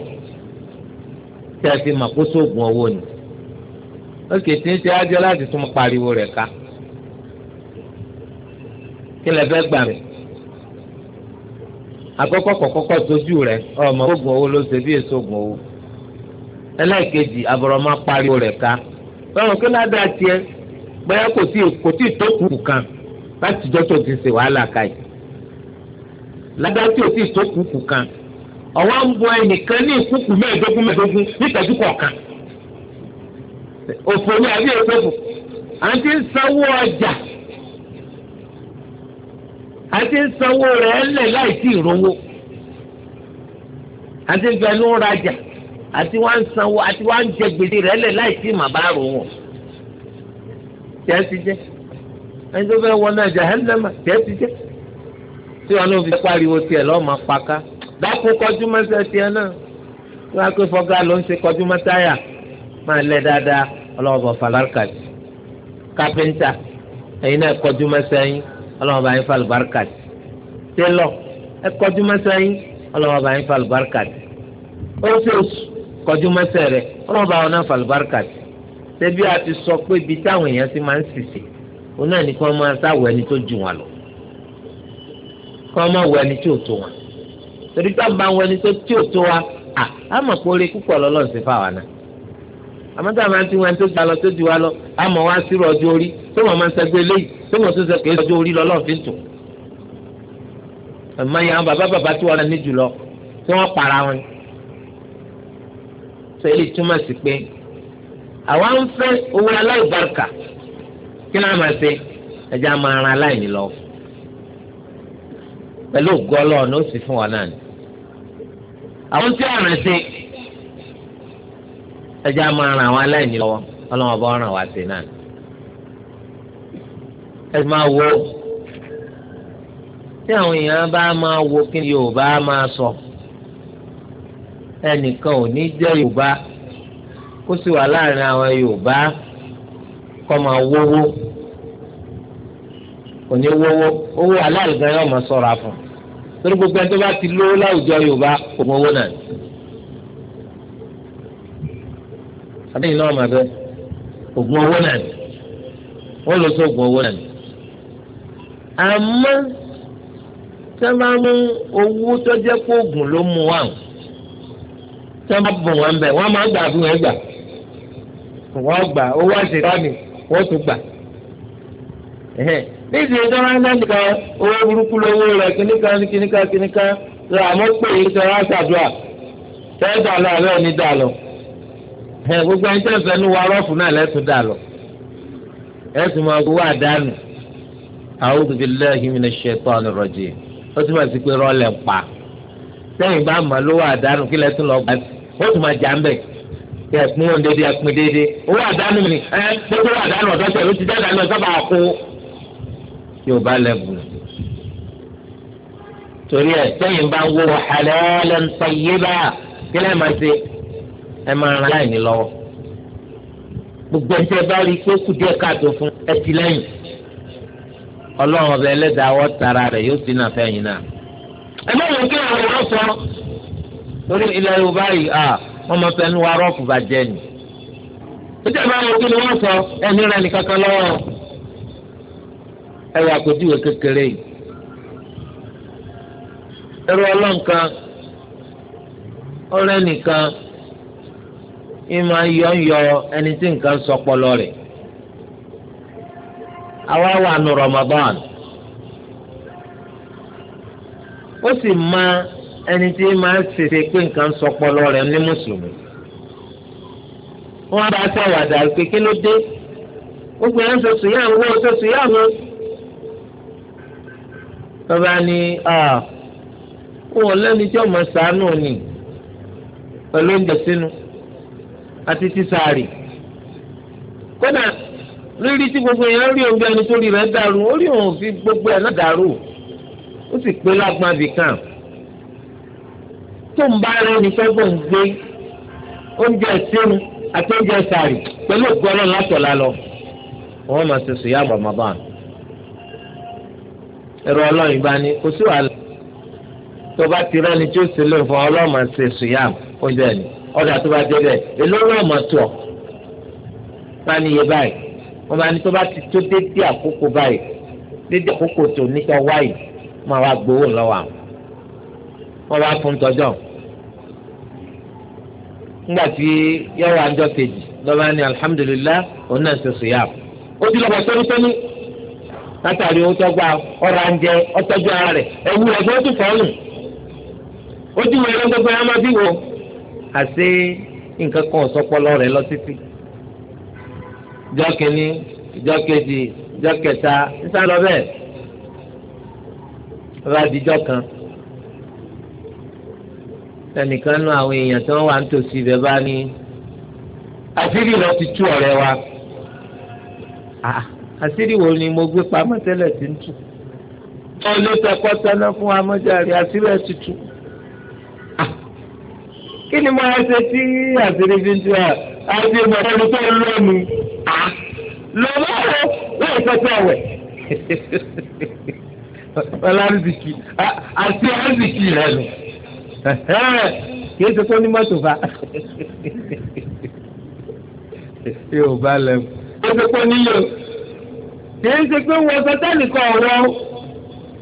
tí a fi mà kó sóògùn owó ni. Ókè tí ń ṣe ajẹ́ láti tún pariwo rẹ̀ ká. Kí lẹ fẹ́ gbà mí? Àkọ́kọ́ kọ̀kọ́kọ́ tójú rẹ̀ ọmọ sóògùn owó ló ṣe bí èso ògùn owó. Ẹlẹ́ẹ̀kejì àbọ̀rọ̀ máa pariwo rẹ̀ ká báwọn kí ládàá tiẹ̀ bẹ́ẹ̀ kò tí kò tí tó kù kan láti jọ́ tó ti ṣe wàhálà káyìí ládàá tí o ti tó kùkù kan ọwọ́ ń bọ ẹnìkan ní ìkùkù mẹ́ẹ̀ẹ́dógún mẹ́ẹ̀ẹ́dógún nítẹ̀jú kọ̀ọ̀kan òfò ní àbí òfòfò à ń ti ń sanwó ọjà à ń ti ń sanwó rẹ̀ ẹ́lẹ̀ láì sí ìrówó à ń ti ń fẹnu rajà àti wá ń sanwó àti wá ń jẹ gbèsè rẹ̀ lẹ̀ láì sí màbá rò wọn. tẹ́ ti jẹ́ ẹni tó fẹ́ wọ náà jahannama tẹ́ ti jẹ́ tí wọn náà fi pariwo tiẹ̀ lọ́ọ́ máa paka dákun kọjú mọ́sẹ̀ tiẹ̀ náà tí wọ́n pé fọ́gá ló ń ṣe kọjú mọ́táyà máa lẹ̀ dáadáa ọlọ́wọ́ bọ̀ falárkàtì kápẹ́ńtà ẹ̀yin náà kọjú mọ́sẹ̀ yín ọlọ́wọ́ bá yín falárkàtì tẹ́lọ̀ ẹ kọjú mọ́sẹ̀ yín ọlọ́wọ́ bá yín falárkàtì ó ṣe oṣù kọjú mọ́sẹ̀ rẹ̀ ọlọ́run bá wọn náà falùbáríkà sí ṣebí a ti sọ pé ibi táwọn èèyàn ti máa ń sìsì òun náà ní kí wọ́n máa sáwọ ẹni tó jù wọn lọ kí wọ́n máa wọ ẹni tí ò tó wọn torí tá à ń bá wọn ẹni tí ò tó wa á mọ̀ púpọ̀ lọ́lọ́run ṣe fáwọn náà àmọ́ tá a máa ti wọn tó gba lọ tó ju wa lọ á wá sí ọjọ́ orí tó wọ́n máa ń sẹ́gbẹ́ eléyìí tó wọ́n tó sẹ́ kì í orí lọ́lọ́run fi ń tò ẹ̀mọ́ yẹn àwọn bàbá bàbá tí wọ́n ní jùlọ tí wọ́n para wọn sẹ́lẹ̀ túmọ̀ sí pé àwa ń fẹ́ owó aláìbáraka kí náà máa ṣe ẹja máa ran aláìní lọ pẹ̀lú gọ́lọ́ ní ó sì fún wa náà ni àwọn tí a rìn sí ẹja máa ran àwọn aláìní lọ́wọ́ ọlọ́wọ́n bá ràn wá sí náà ni ẹ máa wo tí àwọn èèyàn bá máa wo kí ni Yorùbá máa sọ. So ẹnìkan ò ní jẹ́ yorùbá kó sì wà láàrin àwọn yorùbá kọ́ máa wówó kò ní wówó owó aláàlú gan yóò máa sọ̀rọ̀ àfọ̀n torí gbogbo ẹni tó bá ti lówó láwùjọ yorùbá kò mọ owó náà. àbẹ́yìn náà máa bẹ ògùn owó náà ni wọ́n lọ sí ògùn owó náà ni. àmọ́ sábà mú owó tó jẹ́ kó ògùn ló mú wa hàn tí wọ́n bá bọ̀ wọ́n bẹ̀ wọ́n máa gbà fún wọn gbà wọ́n gbà owó àṣetánì wọ́n tún gbà. ní ìsìn ìjọba ẹlẹ́ni kan owó burúkú lówó rẹ̀ kíníkan kíníkan kíníkan rẹ̀ àmọ́ pé ìṣe wa ṣàdúrà tẹ́ dà lọ àbẹ́ òní dà lọ. gbogbo ẹni tẹ́ fẹ́ nu wa rọ́ọ̀fù náà lẹ́tùn dà lọ. ẹ̀sùn máa gbowó àdánù. a'udhu billahi minash shaitani rajim. ó túmọ̀ sí pé rọ́ọ̀lẹ̀ pa. sẹ́yìn bá mọ̀ lówó àdánù kí lẹ́tùn lọ́ọ́ gbà sí ó tún máa jà ń bẹ̀ kí ẹ̀pin wọn déédéé ẹ̀pin déédéé owó àdánù ni ẹ gbogbo àdánù o tẹ̀ o ti dá àdánù ọ̀sán bá a kó yóò bá lẹ́bùn torí ẹ̀ sẹ́yìn bá ń wo halalan tayyiba kí lẹ́ẹ̀ máa ṣe ẹ máa ran aláìní lọ́wọ́ gbogbo ẹsẹ bá rí i pé kù díẹ̀ káàtó fún ẹtì lẹ́yìn Ọlọ́run ọbẹ Ẹlẹ́dàá wọ tara rẹ̀ yóò sì nà fẹyìn náà. ẹ má wọn kí àwọn ọ̀rọ̀ sọ torí ilẹ̀ yorùbá yìí à wọ́n máa fẹ́ nu wa rọ́ọ̀fù bàjẹ́ ni. níta bá wọn kí ni wọ́n sọ ẹni rẹ̀ ní kankan lọ́wọ́ ẹ wà pẹ̀júwe kékeré yìí. ẹrú ọlọ́nkan ọ̀rẹ́ nìkan ìmọ̀ yọ̀ǹyọ̀ ẹni tí nǹkan sọ pọlọ rẹ̀ àwa wà nù Ramadan ó sì máa ẹni tí máa ń ṣèṣe pé nǹkan sọpọlọ rẹ̀ ní mùsùlùmí wọn bá ṣàwàdà pé kí ló dé gbogbo ẹ̀ ń sọ sùúyà ń wọ́ sọ sùúyà ń wọ́ tọ́ba ni wọn lẹ́ni tí ọmọ sàánù ni pẹ̀lú oúnjẹ sínú àti tísàárì kódà rírí tí gbogbo yẹn rí òun bí ẹni tó rí rẹ̀ dàrú ó rí òun fi gbogbo ẹ̀ náà dàrú ó sì pé lágbọ́n abìkan tó ń bá rẹ ní sẹ́gbọ̀n gbé oúnjẹ sínú àti oúnjẹ sàrì pẹ̀lú òkú ọlọ́run látọ̀la lọ. wọ́n máa ṣe sùn yá bàmàbà. ẹ̀rọ ọlọ́run bá ní kò sí wàhálà. tó bá ti rẹ́ni tí ó sì lè fọ ọlọ́run máa ṣe sùn yá oúnjẹ ni ọ̀dà tó bá jẹ́ bẹ́ẹ̀ èló náà máa tọ̀. bá ní iye báyìí wọ́n máa ní tó bá ti tó dédé àkókò báyìí dédé àkókò tó níta wọ́n wá fún tọ́jọ́ nígbà tí yọwọ àjọ kejì lọba ní alihamudulilayi òun náà ṣe sùyàm ó ti lọbọ tónítóní látàrí owó tọgbà ọrọ àǹjẹ ọtọjú ara rẹ ewu rẹ fẹẹ tún fọọnù ojú wo ẹlẹgbẹ gbẹ ọmọ bí wo àṣé nǹkan kan sọpọlọ rẹ lọ títí ìjọ kìíní ìjọ kejì ìjọ kẹta ń sá lọ bẹ́ẹ̀ ọba àdìjọ kan ẹnìkan nú àwọn èèyàn tí wọ́n wà ń tòsí ibẹ̀ bá ní àṣírí lọ ti tú ọ̀rẹ́ wa ah, àṣírí wo ni mo gbé pamọ́ tẹ́lẹ̀ tí ń tù olóòtẹ́kọ́ tẹ́lẹ̀ fún wa mọ́jàre àṣírí ẹ̀ ti tú ah, kí ni mo ṣe tí àṣírí fi ń tú ẹ̀ àti ìmọ̀tẹ́ni tó ń lọ mi ah, lọ́wọ́ láì sọ́tọ̀ ọ̀wẹ̀ ọ̀làǹdìkì àti ọ̀ǹdìkì rẹ̀ nù kì í ṣe kó ní mọ́tò fa yóò bá lẹ kì í ṣe kó níyò kì í ṣe pé wọ́n sọ́tẹ́lì kan ọ̀rọ̀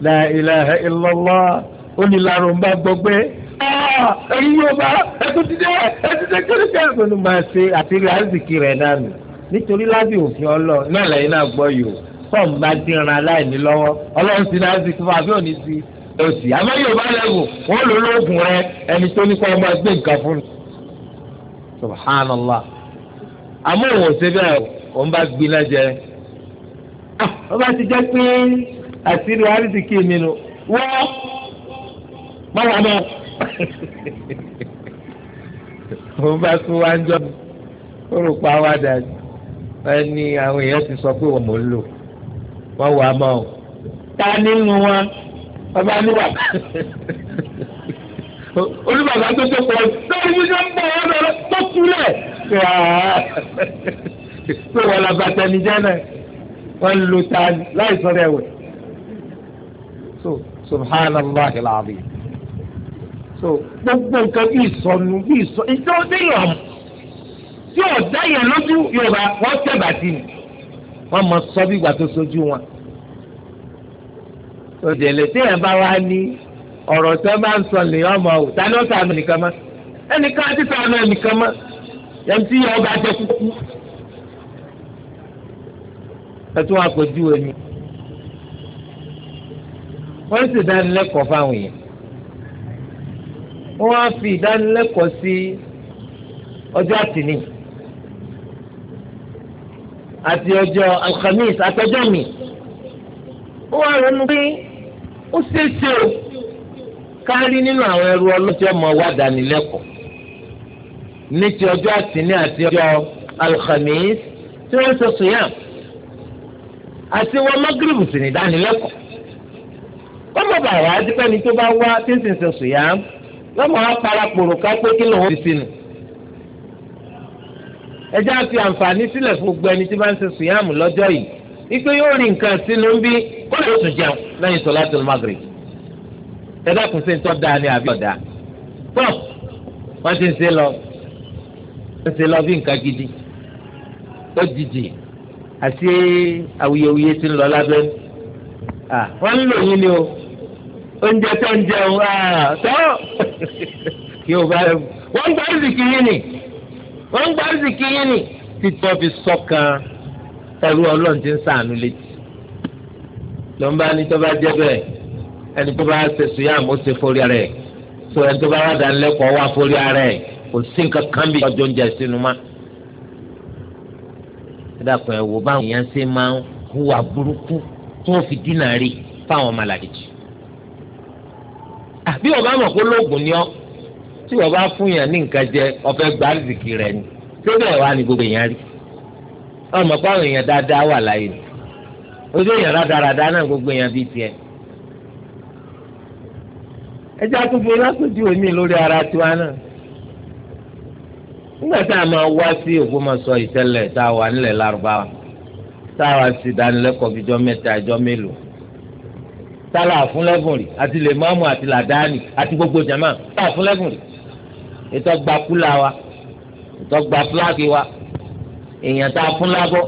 la ilaha illallah ó ní larò ń bá gbọ́ pé ah, ẹ̀yin yóò bá ẹtún ti dé ẹtún ti kéré kéré kó ní máa ṣe àti rẹ̀ àzìkì rẹ̀ dànù nítorí lábẹ́ òfin ọlọ náà lẹ́yìn náà gbọ́ yìí o fọ́ọ̀mù bá dín ara aláìní lọ́wọ́ ọlọ́run ti náà zikí fún àbí òní sí i òsì àmọ́ yorùbá lẹ́gùn wọ́n lò lóògùn rẹ ẹni tó ní kọ́ ọmọ ẹgbẹ́ nǹkan fún mi. subhanallah àmọ́ òun ò ṣe bẹ́ẹ̀ òun bá gbiná jẹ. wọ́n ah, bá ti jẹ́ pé àṣírí àrísìkí mi nù wọ́ báwa mọ́. òun bá tún wá ń jọ ó rò pa wá dájú ẹni àwọn èèyàn ti sọ pé wọ́n mò ń lò wọ́n wà mọ́ ta nínú wọn bàbá ní bàbá olùbàbà tó tó kọ lórí mi ló ń bọ̀ ọ́ lọ́rọ́ tó kúlẹ̀ pé wọ́n la bàtà níjà náà wọ́n lu ta láì sọ̀rọ̀ ẹ̀wẹ̀ so subhanallah alazim so gbogbo nǹkan bí ìsọnù bí ìsọ ìjọ déyà tí ọ̀dá yẹn lójú yorùbá wọ́n tẹ̀ bàtì ni wọ́n mọ sọ bí ìgbà tó sojú wọn òdèlè téèyàn bá wá ní ọ̀rọ̀ tó bá ń sọ lèyàn ọmọ o tani ó sànù nìkan mọ́ ẹnìkan ti sànù ẹnìkan mọ́ yẹn tí yẹn ọba jẹ kúkú ẹtún àpèjú ẹni wọ́n sì dánilẹ́kọ̀ọ́ fáwọn yẹn wọ́n á fi ìdánilẹ́kọ̀ọ́ sí ọjọ́ àtìní àti ọjọ́ alhamis àtọjọ́ mi wọ́n á ronú pé ó ṣeéṣe o kárí nínú àwọn ẹrú ọlọ́tí ọmọ wa dánilẹ́kọ̀ọ́ ní ti ọjọ́ àtìní àti ọjọ́ alhamis tí wọ́n ń sọ sùyàm àti wọn mọ́gírìbù sì ní dánilẹ́kọ̀ọ́ kọ́mọ bàbá adípẹ́ni tó bá wá tí ń sìn sọ sùyàm lọ́mọ wa parapòrò ká pé kí lòun ti sinú ẹjẹ́ àti àǹfààní sílẹ̀ fún gbogbo tí bá ń sọ sùyàm lọ́jọ́ yìí ipe yóò rí nǹkan sínú ń bí ó lè sùn jẹun lẹ́yìn sọ̀látul Maghrib ẹ̀dá kùn sí ń tọ́ da ni àbí ọ̀dà pọ̀ wọ́n ti ń ṣe lọ ń ṣe lọ bí nǹkan gidi ó jìjì àti awuyewuye ti ń lọ lábẹ́ wọ́n lò yín ni o oúnjẹ tó ń jẹun tọ́ yóò bá wọ́n ń gbárùsì kìíní wọ́n ń gbárùsì kìíní títí wọ́n fi sọ́kàn. So ẹrú ọlọ́run ti ń sàánú létí lọ́n ni ní tó bá jẹ́ bẹ́ẹ̀ ẹni tó bá ṣe sùyàmù ó ṣe forí ara ẹ̀ tó ẹni tó bá wà dánilẹ́kọ̀ọ́ wà forí ara ẹ̀ kò sí nǹkan kan bí ọjọ́ oúnjẹ sínú ma. ẹ dàpọ̀ ẹ̀ wò báwọn èèyàn ṣe máa ń hùwà burúkú tí fi dínà rí fáwọn màlàkejì. àbí ah, ọba mọ̀ pé lóògùn ni ọ́ tí ọba fún yàn ní nǹkan jẹ ọ̀fẹ́ gbàrúzìkì rẹ̀ ni tó bẹ́ẹ̀ wá ní gbogbo èèyàn rí ọmọ pa àwọn èèyàn dáadáa wà láyé ni ojú èèyàn rádaràdá náà gbogbo èèyàn bíi tiẹ̀ ẹjẹ àtúnfẹ lápẹjù omi lórí ara tiwa náà nígbà tá a máa wá sí Ògbómọ̀ṣọ́ ìtẹ́lẹ̀ tá a wà nílẹ̀ Lárúbáwá tá a wà sí ìdánilẹ́kọ̀ọ́ bíjọ́ mẹ́ta ẹjọ́ mélòó tá a là fún lẹ́gùn rí àti lè máàmù àti làdáàní àti gbogbo jàmá tá a fún lẹ́gùn rí ètò gba kúlà wa ètò gba fúláàkì wa èèyàn tá a fún lábọ́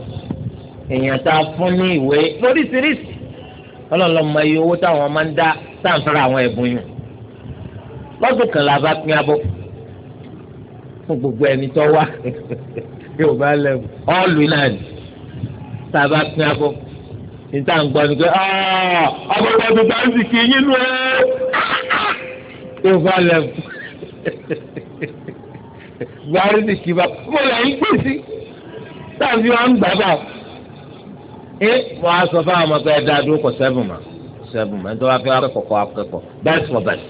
èèyàn tá a fún ní ìwé lóríṣiríṣi ọlọ́run mọ iye owó táwọn máa ń dá sáǹfàrà àwọn ẹ̀bùn yìí lọ́dún kan la bá pín abọ́ fún gbogbo ẹni tó wá yóò bá lẹ́bù ọ́ọ̀lù náà ni tá a bá pín abọ́ níta ń gbọ́ ni pé ọmọ ìwà gbogbo àti kì í yínú ẹ yóò bá lẹ́bù gbárí ti kì í bá mo lẹ́yìn pèsè táàbí wọn ń gbà bá o. ẹ wọ́n á sọ fáwọn ọmọ pé ẹ dá dúró kọ sẹ́fùn mà sẹ́fùn mà nítorí wọ́n fẹ́ akẹ́kọ̀ọ́ kọ́ akẹ́kọ̀ọ́ best for best.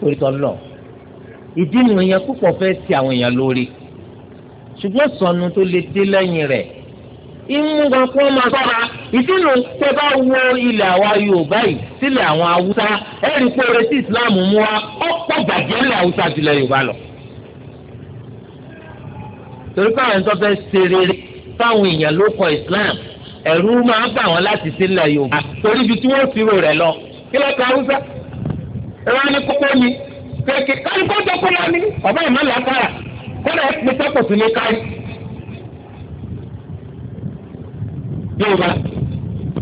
torí tọ́ lọ ìdí nu yẹn púpọ̀ fẹ́ ti àwọn èèyàn lórí ṣùgbọ́n sọnù tó le dé lẹ́yìn rẹ̀ imú gan kí wọ́n máa sọ́ra ìdínú tẹ bá wo ilẹ̀ àwa Yorùbá yìí sílẹ̀ àwọn Haúsá ẹ̀rí pé oore tí Islam mú wa ọ̀pọ̀ gbàgbé ilẹ̀ Haúsá jùlọ Yorùbá lọ torí pé àwọn ìtọ́fẹ́ ṣe rere fáwọn èèyàn ló kọ islam ẹ̀rú máa ń bà wọ́n láti sílẹ̀ yorùbá torí ibi tí wọ́n ti rò rẹ̀ lọ kí lọ́ọ́ ka haúsá ẹ̀rọ ni kókó ni kéèké kárí kó dọ́kọ́ náà ni ọ̀bá ìmọ̀ làákàrà kọ́dà ẹ̀ pé sọ́kò sí ní kárí. yorùbá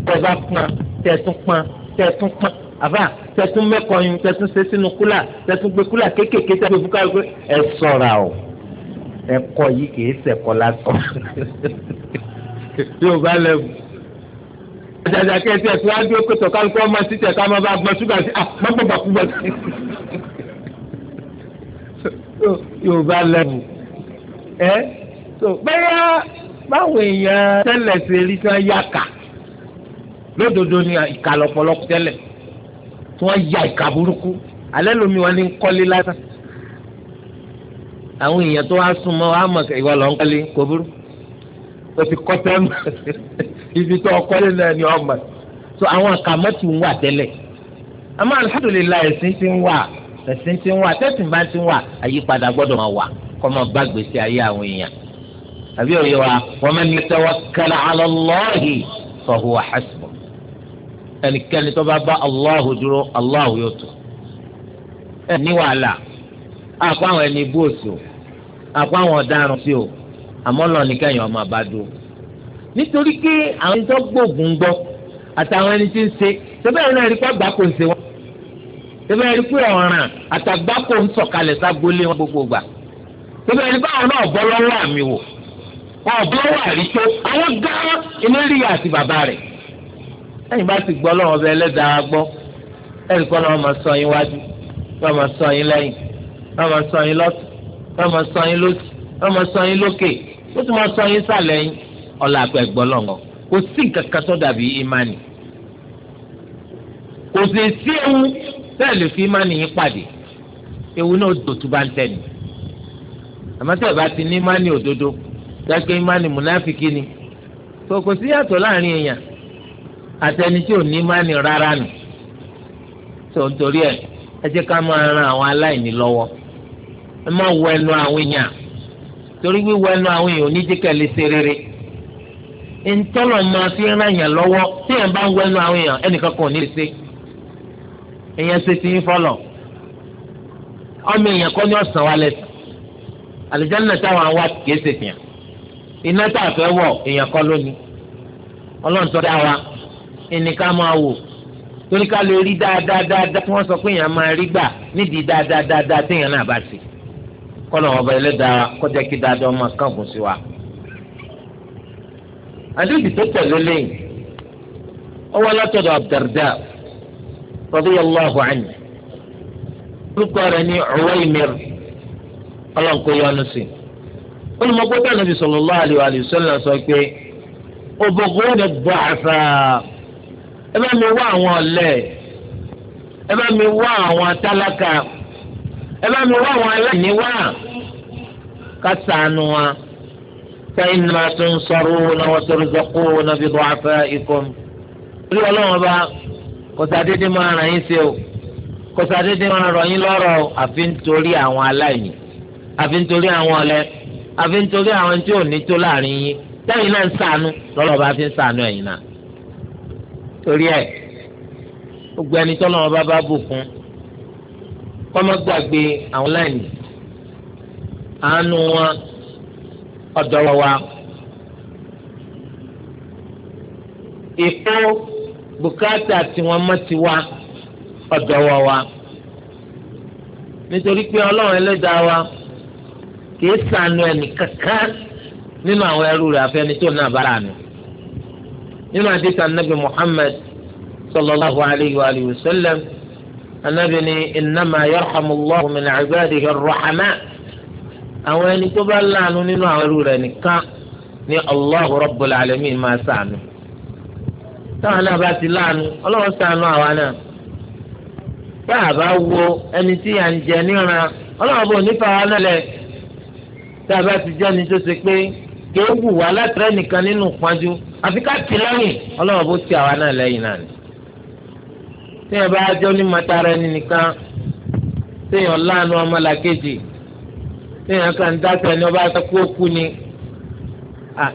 tẹ̀sán pọn tẹ̀sán pọn tẹ̀sán pọn àbá tẹ̀sán mẹ́kọ̀ọ́yún tẹ̀sán ṣe sínú kúlà tẹ̀sán gbé kúlà kéékèèké tẹ̀sán gbé fúkàrí pé ẹ̀ sọ̀ra o ẹ̀kọ́ yìí kì í ṣẹ̀kọ́ lásán yóò bá lẹ́bù. àjàjà kẹ́tẹ́ ẹ̀ fúnra dúró pé tọ̀kálùkọ́ ọmọ títẹ̀ ká máa bá gbọ́n ṣúgà sí àmọ́gbọ̀gbà púpọ̀ sí. yóò bá lẹ́bù. ẹ tó bẹ́ẹ̀ báwo èèyàn tẹ́lẹ̀ ṣe rí tí wọ́n lódodo ni ìkà lọ́pọ̀lọpọ̀ tẹ́lẹ̀ tí wọ́n ya ìkà burúkú alẹ́ lomi wọn ni ń kọ́lé lásán. àwọn èèyàn tó wá súnmọ́ wàá mọ̀ ìwọ lọ kọ́lé kò burú o ti kọ́ ibi tó ọkọ́lé náà ni ọmọ so àwọn àkàmọ́ ti ń wà tẹ́lẹ̀ àmọ́ alhamdulillah ẹ̀sìn ti ń wà ẹ̀sìn ti ń wà tẹ́sìn bá ti ń wà àyípadà gbọ́dọ̀ máa wà kọ́ máa gbèsè ayé àwọn èèyàn àbí òye wa ẹnikẹ́ni tó àpá àwọn ọ̀daràn sí o àmọ́ lọ ní kẹ́yìn ọmọ bá dúró nítorí pé àwọn ẹni tó gbóògùn gbọ́ àtàwọn ẹni tí ń ṣe tẹ́bẹ́ ẹ̀rọ náà rí pé àgbákò ń ṣe wọ́n tẹ́bẹ́ ẹ̀rí pé ọ̀ràn àtàgbákò ń sọ̀kalẹ̀ ságbólé wọn gbogbo gbà tẹ́bẹ́ ẹ̀rí pé àwọn náà bọ́ lọ́wọ́ àmì wò wọn bọ́ wà rí tó àwọn gán inú rí wọ́n máa sọ yín lókè wọ́n máa sọ yín lókè ó sì máa sọ yín sàlẹ̀ yín ọ̀là àpẹ̀gbọ́ lọ́ngọ̀ kò sí nǹkan kan tó dàbí imani kò sì sí ewu bẹ́ẹ̀ lè fi ìmánì yín pàdé ewu náà dòtú bá ń tẹ̀lé àmọ́tẹ́ bá ti ní ìmánì òdodo dákẹ́ ìmánì mùnáfíkì ni kò kò sí yàtọ̀ láàrin èèyàn àtẹni tí ò ní ìmánì rárá nù tó ń torí ẹ̀ ẹ jẹ́ ká máa ran àwọn aláìní lọ́wọ́ ẹ má wọ ẹnu àwọn èèyàn torí wíwọ ẹnu àwọn èèyàn oníjìká lè ṣe rere ntọ́lọ̀ máa fi ràn yàn lọ́wọ́ tí yẹn bá ń wọ ẹnu àwọn èèyàn ẹnìkan kò ní lè ṣe èèyàn ṣe ti ń fọlọ̀ ọmọ èèyàn kọ́ ní ọ̀sán wa lẹ́sìn àlùjánnà táwọn àwa kìí ṣe fìyàn iná tá a fẹ́ wọ̀ èèyàn kọ́ lónìí ọlọ́run tó dá wa ẹnìkan máa wò torí rí dáadáa dáadáa tí wọ́n sọ pé èèyàn máa rí gbà nídìí dáadáa dáadáa téèyàn náà bá ṣe. kọ́nà ọba ẹlẹ́dàá kọjá kí dáadáa ọmọ kankun sí wa. àdéhùn tó tẹ̀lé lẹ́yìn ọwọ́ látọ̀dọ̀ Abdarda radiyallahu anhu orúkọ rẹ̀ ní Uwaymir ọlọ́nkọ yọnu sí i. nàbì sallallahu alaihi wa sallam sọ pé òbòkúrò ní bọ̀ọ̀fà ẹ bá mi wá àwọn ọ̀lẹ ẹ bá mi wá àwọn ẹ bá mi wá àwọn aláìní wá ká ṣàánú wa sẹ́yìn ní máa tún sọ̀rọ̀ owó náà wọ́n sọ̀rọ̀ zọ́kọ́ owó náà fi bọ́ afẹ́ ikọ́ mi. orí ọlọ́run bá kọ̀sá máa ràn yín sí o kọ̀sá máa ràn yín lọ́rọ̀ o àfi nítorí àwọn aláìní àfi nítorí àwọn ọ̀lẹ àfi nítorí àwọn tí ò ní tó láàrin yín sẹ́yìn náà ń ṣàánú lọ́lọ́ bá fi ń ṣàánú ẹ̀yìn náà. torí ẹ̀ gbogbo ẹni tọ́lọ́run bá bá bù fún wọ́n má gbàgbé àwọn láìní àánú wọn ọ̀dọ̀ wa ìkó bùkátà tiwọn mọ́ tiwa ọ̀dọ̀ wa wa nítorí pé ọlọ́run ẹlẹ́dàá wa kìí sànù ẹnì kankan nínú àwọn ẹrú rẹ̀ afẹ́ni tó náà bára nù nínú àdìsá nàbì Muhammad sallallahu alayhi wa sallam anabi ni innama yarhamullahu min ibadihi arrahama àwọn ẹni tó bá láàánú nínú àwọn ẹrú rẹ̀ nìkan ni allahu rabbul alamin máa ṣàánú táwọn náà bá ti láàánú ọlọ́run ṣàánú àwa náà bá a bá wo ẹni tí à jẹ níran ọlọ́run bò nípa wa náà lẹ̀ tá a bá ti jẹ́ ni tó ṣe pé kéwù wà látìrẹ́ nìkan nínú pọ́njú àfi ká ti lẹ́yìn ọlọ́run bó ti àwa náà lẹ́yìn náà ni. téèyàn bá jẹ́ onímọ̀tara ẹni nìkan téèyàn láàánú ọmọlàkejì téèyàn kàn ń dáṣẹ ẹni ọba kú òkú ni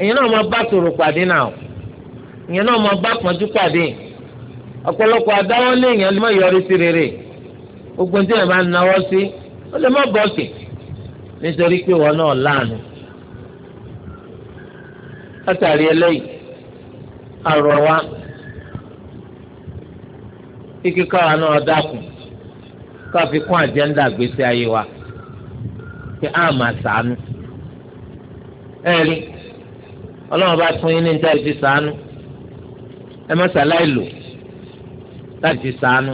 ìyẹn náà máa bá sòrò pàdé náà ìyẹn náà máa bá pàdé ọ̀pọ̀lọpọ̀ àdáwọ́lé èèyàn lè má yọrí sí rere bá sí ó lè má nítorí pé wọn náà látàrí wa. kíkí káwa náà dákun ká fi kún àjẹ́ńdà gbèsè ayé wa kí á máa sànú. ẹ rí ọlọ́run bá fún yín ní níta ìfi sànú ẹ má ṣàláì lò láti fi sànú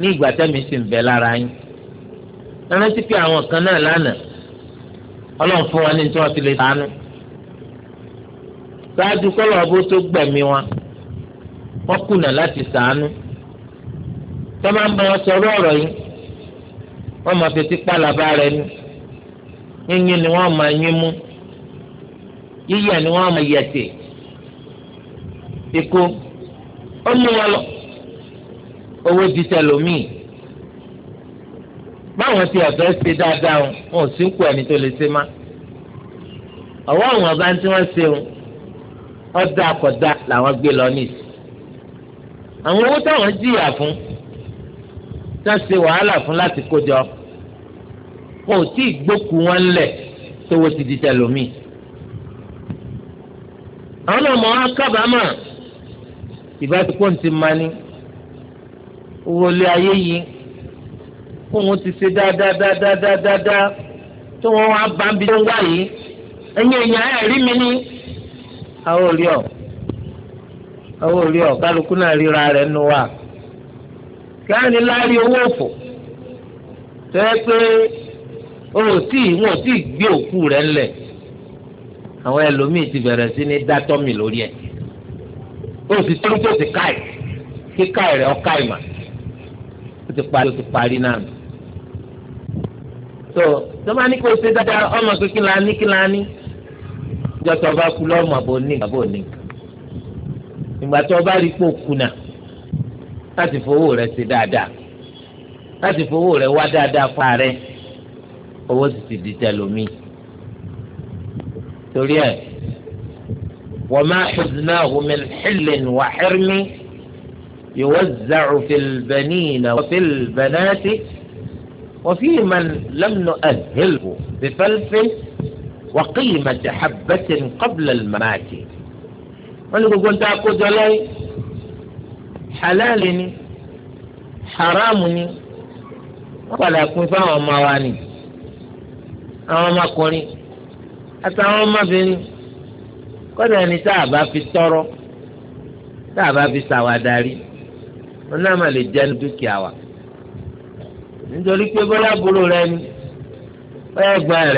ní ìgbà tẹ́mi sì ń bẹ lára yín. rántí àwọn kan náà lánàá ọlọ́run fún ní sànú. tó gbẹ̀mí wọn wọ́n kùnà láti sànú. tó máa ń bá wọn sọ̀rọ̀ ọ̀rọ̀ yìí wọ́n máa fi tipa làbá rẹ̀ ní yínyín ni wọ́n máa yín mú yíyẹ ni wọ́n máa yẹtì ikú ó mú wọn lọ owó di tẹlómìn báwọn ti ẹ̀fẹ́ ṣe dáadáa wọn ò sínkù ẹni tó lè ṣe má ọwọ́ àwọn ọba tí wọ́n ṣe wọn ọ̀dà àkọ́dà làwọn gbé lọ nìyí àwọn owó táwọn jìyà fún tán ṣe wàhálà fún láti kó jọ wọn ò tí ì gbókù wọn lẹ̀ tówó ti di tẹlomi. àwọn ọmọ wa kábàámà ìbá ti pọ́n ti ma ní owó ilé ayé yìí kóun ti ṣe dáadáadáadáadáa tó wọn wá bá ń bi wá yìí ẹ̀yin èèyàn ẹ̀ rí mi ní. àwọn ò ọ àwọn ò ọ kálukú náà ríra rẹ̀ nù wá káàní láàrí owó òfò tó yẹ pé o ò tí wọn ò tí gbé òkú rẹ̀ ńlẹ̀ àwọn ẹlòmíì ti bẹ̀rẹ̀ sí ní dátọ́mì lórí ẹ̀ o sì tó tó ti káì kíkà rẹ̀ ọ̀ká ìmà o ti parí o ti parí náà tó tó máa ní kó o ṣe dáadáa ọmọ pé kí la kí la ní kú lọ́mọ àbò ní àbò ní nígbà tó bá rí pò kùnà. láti fowó rẹ ṣe dáadáa láti fowó rẹ wá dáadáa fún ààrẹ owó sì ti di tẹlomi torí ẹ wọ́n máa xìdìnnà min xìlìn wà xírmi يوزع في البنين وفي البنات وفي من لم نؤهله بفلف وقيمة حبة màmá الممات. wọ́n ní gbogbo ń ta kó jọ lẹ́yìn. halal ni haram ni wọ́n padà pín ni àwọn ọmọkùnrin àtàwọn ọmọbìnrin kọ́dà ẹni tọrọ tá a bá fi ṣàwàdarí wọn náà má lè jẹ́ dúkìá wa nítorí pé bọ́lá burú rẹ ni bọ́lá ẹgbẹ́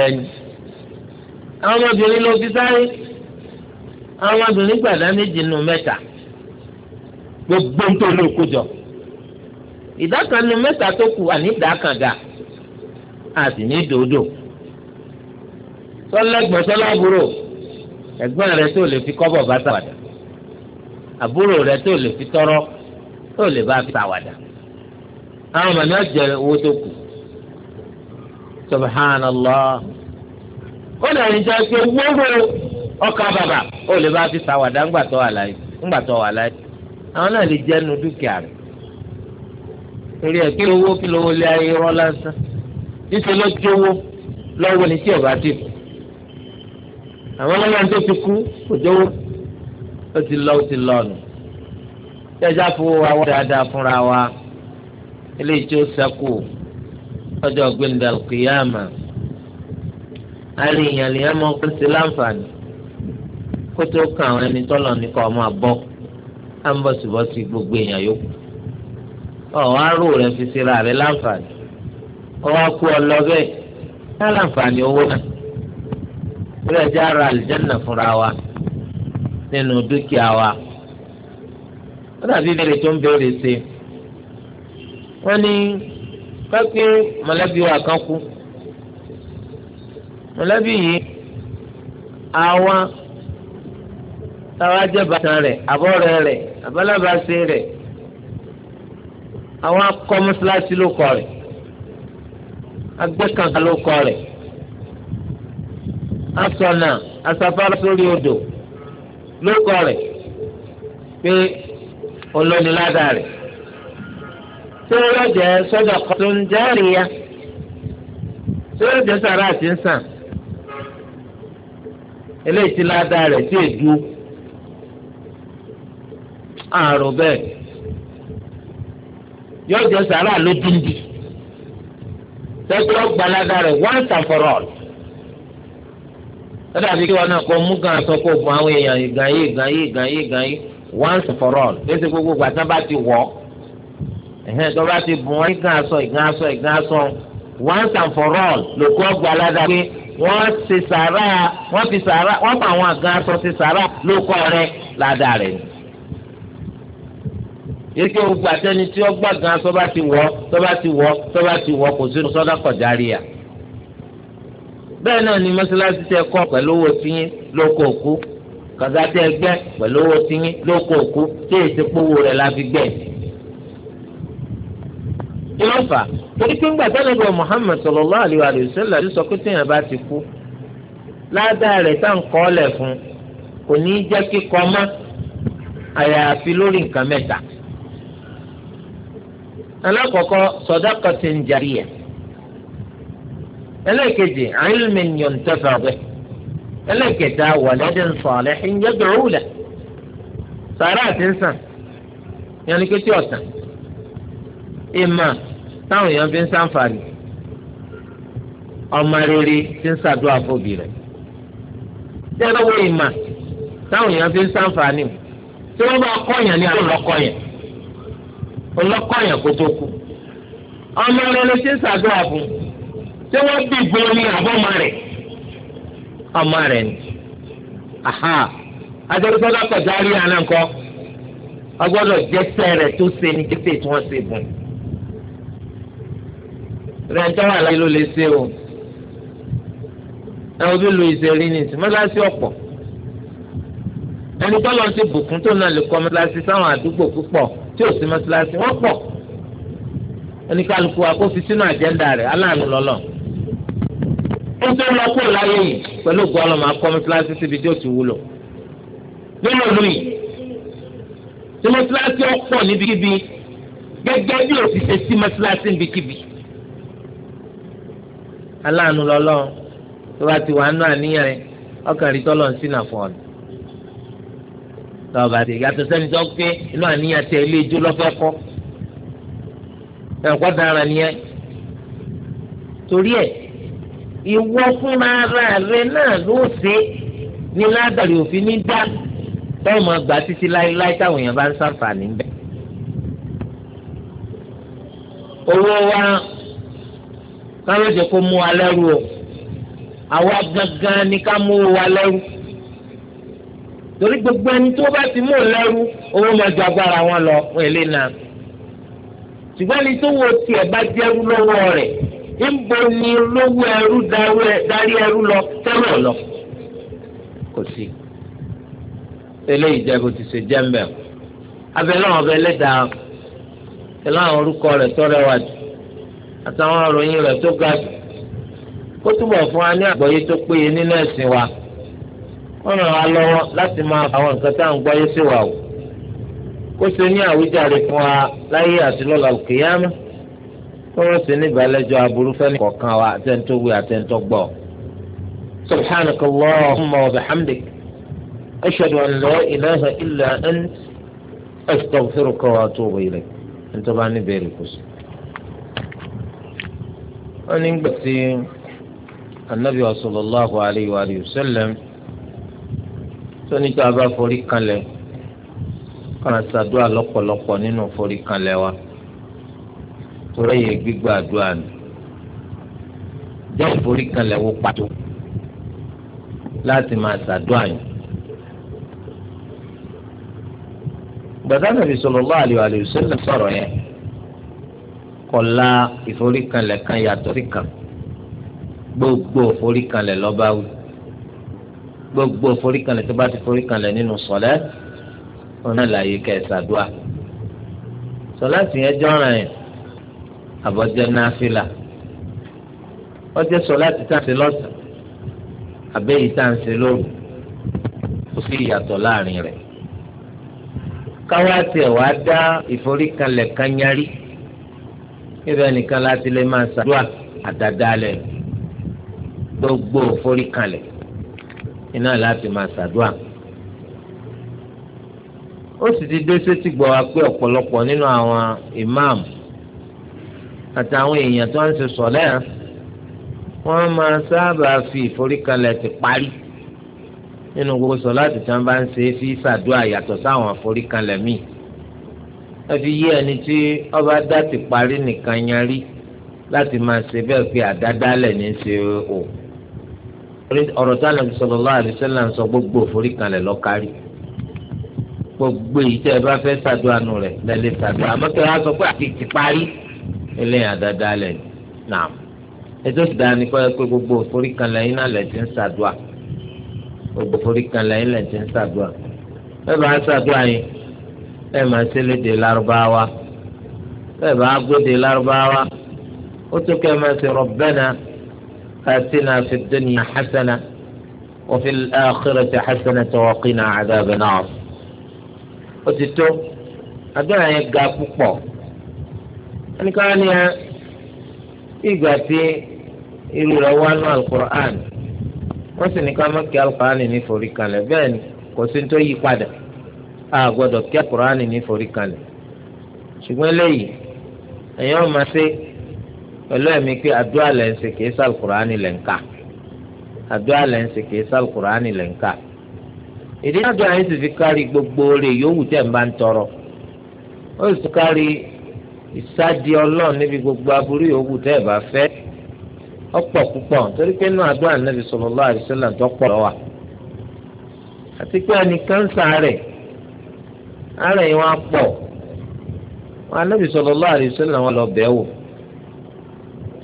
rẹ ni gbogbo ń tó lè kójọ ìdákanu mẹ́ta tó kù àní ìdákàndá àti ní dòdò sọlẹ́gbọ̀n sọlábúrò ẹ̀gbọ́n rẹ tó lè fi kọ́bọ̀ bá ṣàwàdà àbúrò rẹ tó lè fi tọrọ tó lè bá fi ṣàwàdà àwọn màmí ọ̀jẹ̀ owó tó kù subhanallah ó lè ní jẹ́ pé wóró ọkà bàbà ó lè bá fi ṣàwàdà ńgbà tó wà láyé ńgbà tó wà láyé. àwọn náà lè jẹ́ nu dúkìá rẹ̀ torí ẹ̀ kí lówó kí lówó lé ayé rọ́ lásán níṣẹ́ ló jówó lọ́wọ́ ni tí ọba ti kú àwọn ọlọ́yàn tó ti kú kò jówó ó ti lọ ó ti lọ nù jẹ́jà fowó wa wọ́n dáadáa fúnra wa eléyìí tí ó sẹ́kù ọjọ́ gbẹ̀ndàl kìyàmà àríyànlẹ́yàmọ́ kò sí láǹfààní kó tó kàn àwọn ẹni tọ́lọ̀ ní kọ́ ọmọ àbọ́kù à ń bọ̀sibọ́sí gbogbo èèyàn yòókù ọ̀hún arò rẹ̀ fi síra rẹ̀ láǹfààní ọ̀hún akú ọlọ bẹ́ẹ̀ ká láǹfààní owó náà rẹ̀ jẹ́ ara àlìjẹ́nà fúnra wa nínú dúkìá wa ó dàbí ìbéèrè tó ń béèrè sí i wọ́n ní pẹ́pẹ́ mọ̀lẹ́bí wa kan kú mọ̀lẹ́bí yìí àwa táwa jẹ́ bàtà rẹ̀ àbọ̀rẹ̀ rẹ̀ àbálàbà ṣe rẹ̀ àwọn akọ mọ́ṣáláṣí ló kọ rẹ̀ agbẹ́kànga ló kọ rẹ̀ asọ̀nà asafara sórí odò ló kọ rẹ̀ pé olóni ládàá rẹ̀ tí ó yọ jẹ́ sọ́dọ̀ kan tó ń járe ya tí ó yọ jẹ́ eléyìí ti ládàá rẹ̀ sí àrò bẹ́ẹ̀ yóò jẹ sàrà ló dundun tẹ́tọ́ gbalaga rẹ̀ once and for all lọ́dà bí kí wọn náà kọ́ mú gan aṣọ kó bu àwọn èèyàn ìgàn yìí ìgàn yìí ìgàn yìí once and for all lẹ́sẹ̀ gbogbo gbàtà bá ti wọ̀ ẹ̀hẹ́n tó bá ti bù wọ́n ìgàn aṣọ ìgàn aṣọ ìgàn aṣọ once and for all lòkú gbalaga pé wọ́n ti sàrà wọ́n fi sàrà wọ́n pa àwọn àgàn aṣọ ti sàrà lókọ̀ rẹ̀ ládàá rẹ̀ ni yíké gbogbo àtẹni tí ó gbàgán sọba ti wọ sọba ti wọ sọba ti wọ kò sínú sọdá kọjáríà bẹ́ẹ̀ náà ni mọ́sálásí tẹ kọ́ pẹ̀lú owó tiyín ló kó òkú kàgá tẹ gbẹ́ pẹ̀lú owó tiyín ló kó òkú tí èsì pówó rẹ̀ la fi gbẹ́. kí ló fà torí pé ńgbà tẹ́lẹ̀ bọ̀ Muhammad sallallahu alaihi wa sallam sọ pé téèyàn bá ti kú ládàá rẹ̀ tá à ń àyàfi lórí nǹkan mẹ́ta. alákọ̀ọ́kọ́ sadaqatin jariyah ẹlẹ́ẹ̀kejì ilmin yuntafa bih ẹlẹ́ẹ̀kẹta waladin salihin yad'u lahu sàrà àti nsàn yẹn kí tí ọ̀sán ìmà táwọn èèyàn fi ń sàǹfààní ọmọ rere ti ń sàdúrà fòbí rẹ̀ tẹ́lẹ̀ wọ ìmà táwọn fi fani, tí bá ní ọlọ́kọ̀ọ̀yàn kó tó kú ọmọ rere ti ń ṣàdúrà fún ṣé wọ́n bí gbọ́n ní àbọ̀mọ rẹ̀ ọmọ rẹ̀ ni aha adérúgbọ́dọ̀ kọjá rí àná ńkọ́ ọgbọ́dọ̀ jẹ́sẹ̀ rẹ̀ tó ṣe ní jẹ́sẹ̀ tí wọ́n ṣe fún rẹ̀ ń tọ́wọ́ àlàyé ló lè ṣe o ẹ̀ ojú lu ìṣèlérí nìsí mọ́lá sí ọ̀pọ̀ ẹni tọ́lọ́ ti bùkún tó náà lè kọ́ mọ́tíláṣí sáwọn àdúgbò púpọ̀ tí ò sí mọ́tíláṣí wọ́n pọ̀ oníkálukú wa kó fi sínú àjẹ́ńdà rẹ̀ aláàánú lọ́lọ́ ó tó lọ kó láyé yìí pẹ̀lú ògùn ọlọ́mọ akọ́ mọ́tíláṣí síbi tí ó ti wúlò nínú ìlú yìí tí mọ́tíláṣí ó pọ̀ níbikíbi gẹ́gẹ́ bí òṣìṣẹ́ sí mọ́tíláṣí níbikíbi aláàánú lọ́lọ́ tó bá ti wà á nú àníyàn rẹ̀ ọkàn rí tọ́lọ́ ń sínà fún ọ tọ́ba ti yàtọ̀ sẹ́ni tó gbé inú àníyàn tẹ ilé ijó lọ́fẹ́ kọ́ ẹ̀kọ́ dára nìyẹn torí ẹ̀ ìwọ fúnra rẹ náà ló ṣe ní ládàrí òfin ní dá táwọn máa gbà títí láéláé táwọn èèyàn bá ń ṣàǹfààní ń bẹ. owó wa káwé jẹ kó mú wa lẹ́rú o àwa gangan ni ká mú wa lẹ́rú torí gbogbo ẹni tó bá ti mú lẹ́rú owó máa ju agbára wọn lọ wọn èlé náà ṣùgbọ́n ẹni tó wo tiẹ̀ bá jẹ́rú lọ́wọ́ rẹ̀ níbo ni olówó ẹrú darí ẹrú lọ tẹ́lẹ̀ lọ kò sí eléyìí jẹ́ bó ti ṣe jẹ́ mbẹ́ abẹ́lẹ́ ọ̀bẹ lẹ́dàá pẹ̀lú àwọn orúkọ rẹ̀ tó rẹwà jù àtàwọn ìròyìn rẹ̀ tó ga jù kó túbọ̀ fún wa ní àgbọ́yé tó péye nínú ẹ̀sìn wa. wọn ràn wá lọ́wọ́ láti máa àwọn nǹkan tá à ń gbọ́ sí wa o kó ṣe ní àwíjàre fún wa láyé àti lọ́la òkèèyàn kó wọ́n ṣe ní ìbálẹ́jọ́ aburú fẹ́ni kọ̀ọ̀kan wa àtẹ̀ntọ́wé àtẹ̀ntọ́gbọ́ subhanaka allahumma wa an la ilaha illa sọ́nìtọ́ abá forí kanlẹ̀ kàn ṣàdúrà lọ́pọ̀lọpọ̀ nínú forí kanlẹ̀ wa torí ẹ̀yẹ gbígbà àdúrà ni jẹ́ ìforí kanlẹ̀ wo pàtó láti máa ṣàdúrà yìí. gbàdánù bí sallallahu alaihi wa sallam sọ̀rọ̀ yẹn kọlá ìforíkanlẹ̀ kan yàtọ̀ sí kan gbogbo ìforíkanlẹ̀ ló bá wí gbogbo foríkanlẹ̀ tó bá ti foríkanlẹ̀ nínú sọ̀lẹ́ ọ̀nà làyè kẹsàdúà sọ̀lá sì yẹn jọ́ràn yẹn àbọ̀jẹ́ náfìlà ọjọ́ sọ̀lá ti tàǹsì lọ́sàn àbẹ́yì tàǹsì lóru kò sí ìyàtọ̀ láàrin rẹ̀ káwá tiẹ̀ wá dá ìforíkanlẹ̀ kányárí ibẹ̀ nìkan láti lè máa ṣàdúà àdàdálẹ̀ gbogbo foríkanlẹ̀ iná láti máa ṣàdúrà. ó sì ti dé sétí gbọ́ wa pé ọ̀pọ̀lọpọ̀ nínú àwọn ìmáàmù àtàwọn èèyàn tó ń ṣe sọ̀lẹ́ wọ́n máa sábà fi ìforíkalẹ̀ ti parí nínú gbogbo sọ̀lá àti tí wọ́n bá ń ṣe é fi ṣàdúrà yàtọ̀ sáwọn ìforíkalẹ̀ míì. ẹ yí ẹni tí ọba dá ti parí nìkan yanrí láti máa ṣe bẹ́ẹ̀ pé àdádálẹ̀ ní í ṣe òkú ọ̀rọ̀ tí Ànábì sallallahu alaihi wasallam ń sọ gbogbo òforí kanlẹ̀ lọ́kárí gbogbo èyí tẹ́ ẹ bá fẹ́ ṣàdúrà nù rẹ̀ lẹ́lẹ́ ṣàdúrà àmọ́ kí wọ́n á sọ pé àti ti parí eléyàn dáadáa lẹ̀ náà ètò ìdáni kọ́ ẹ pé gbogbo òforí kanlẹ̀ yín náà lẹ̀ ti ń ṣàdúrà gbogbo òforí kanlẹ̀ yín lẹ̀ ti ń ṣàdúrà ẹ bá ṣàdúrà yín ẹ máa ṣe lédè lárúbáwá ẹ bá gbédè lárúbáwá ó tún kẹ́ máa ṣe Rabbana آتنا في الدنيا حسنة وفي الآخرة حسنة وقنا عذاب النار وتتو أدنا يبقى فقو أن كان يبقى في إلو روان القرآن وسن كان مكي القرآن نفوري كان لبين وسن توي آه، قادة أقوى دوكي القرآن نفوري كان شكرا لي أيام ما سيه pẹ̀lú ẹ̀mí pé àdúrà lẹ̀ ń ṣe kìí sàlùkùránì lẹ̀ ń kà àdúrà lẹ̀ ń ṣe kìí sàlùkùránì lẹ̀ ń kà ìdí náà àdúrà yín sì fi kárí gbogbo rẹ̀ yòówù tẹ̀ ń bá ń tọrọ ó sì kárí ìsádi ọlọ́run níbi gbogbo aburú yòówù tẹ́ bá fẹ́ ọ̀pọ̀ púpọ̀ torí pé inú àdúrà nàbì sallallahu alaihi wasallam tó pọ̀ lọ́wà àti pé ẹni kánsà rẹ̀ ara yìí wọn pọ̀ wọn ànàbì sallallahu alaihi wasallam wọn lọ bẹ̀ẹ́ wò.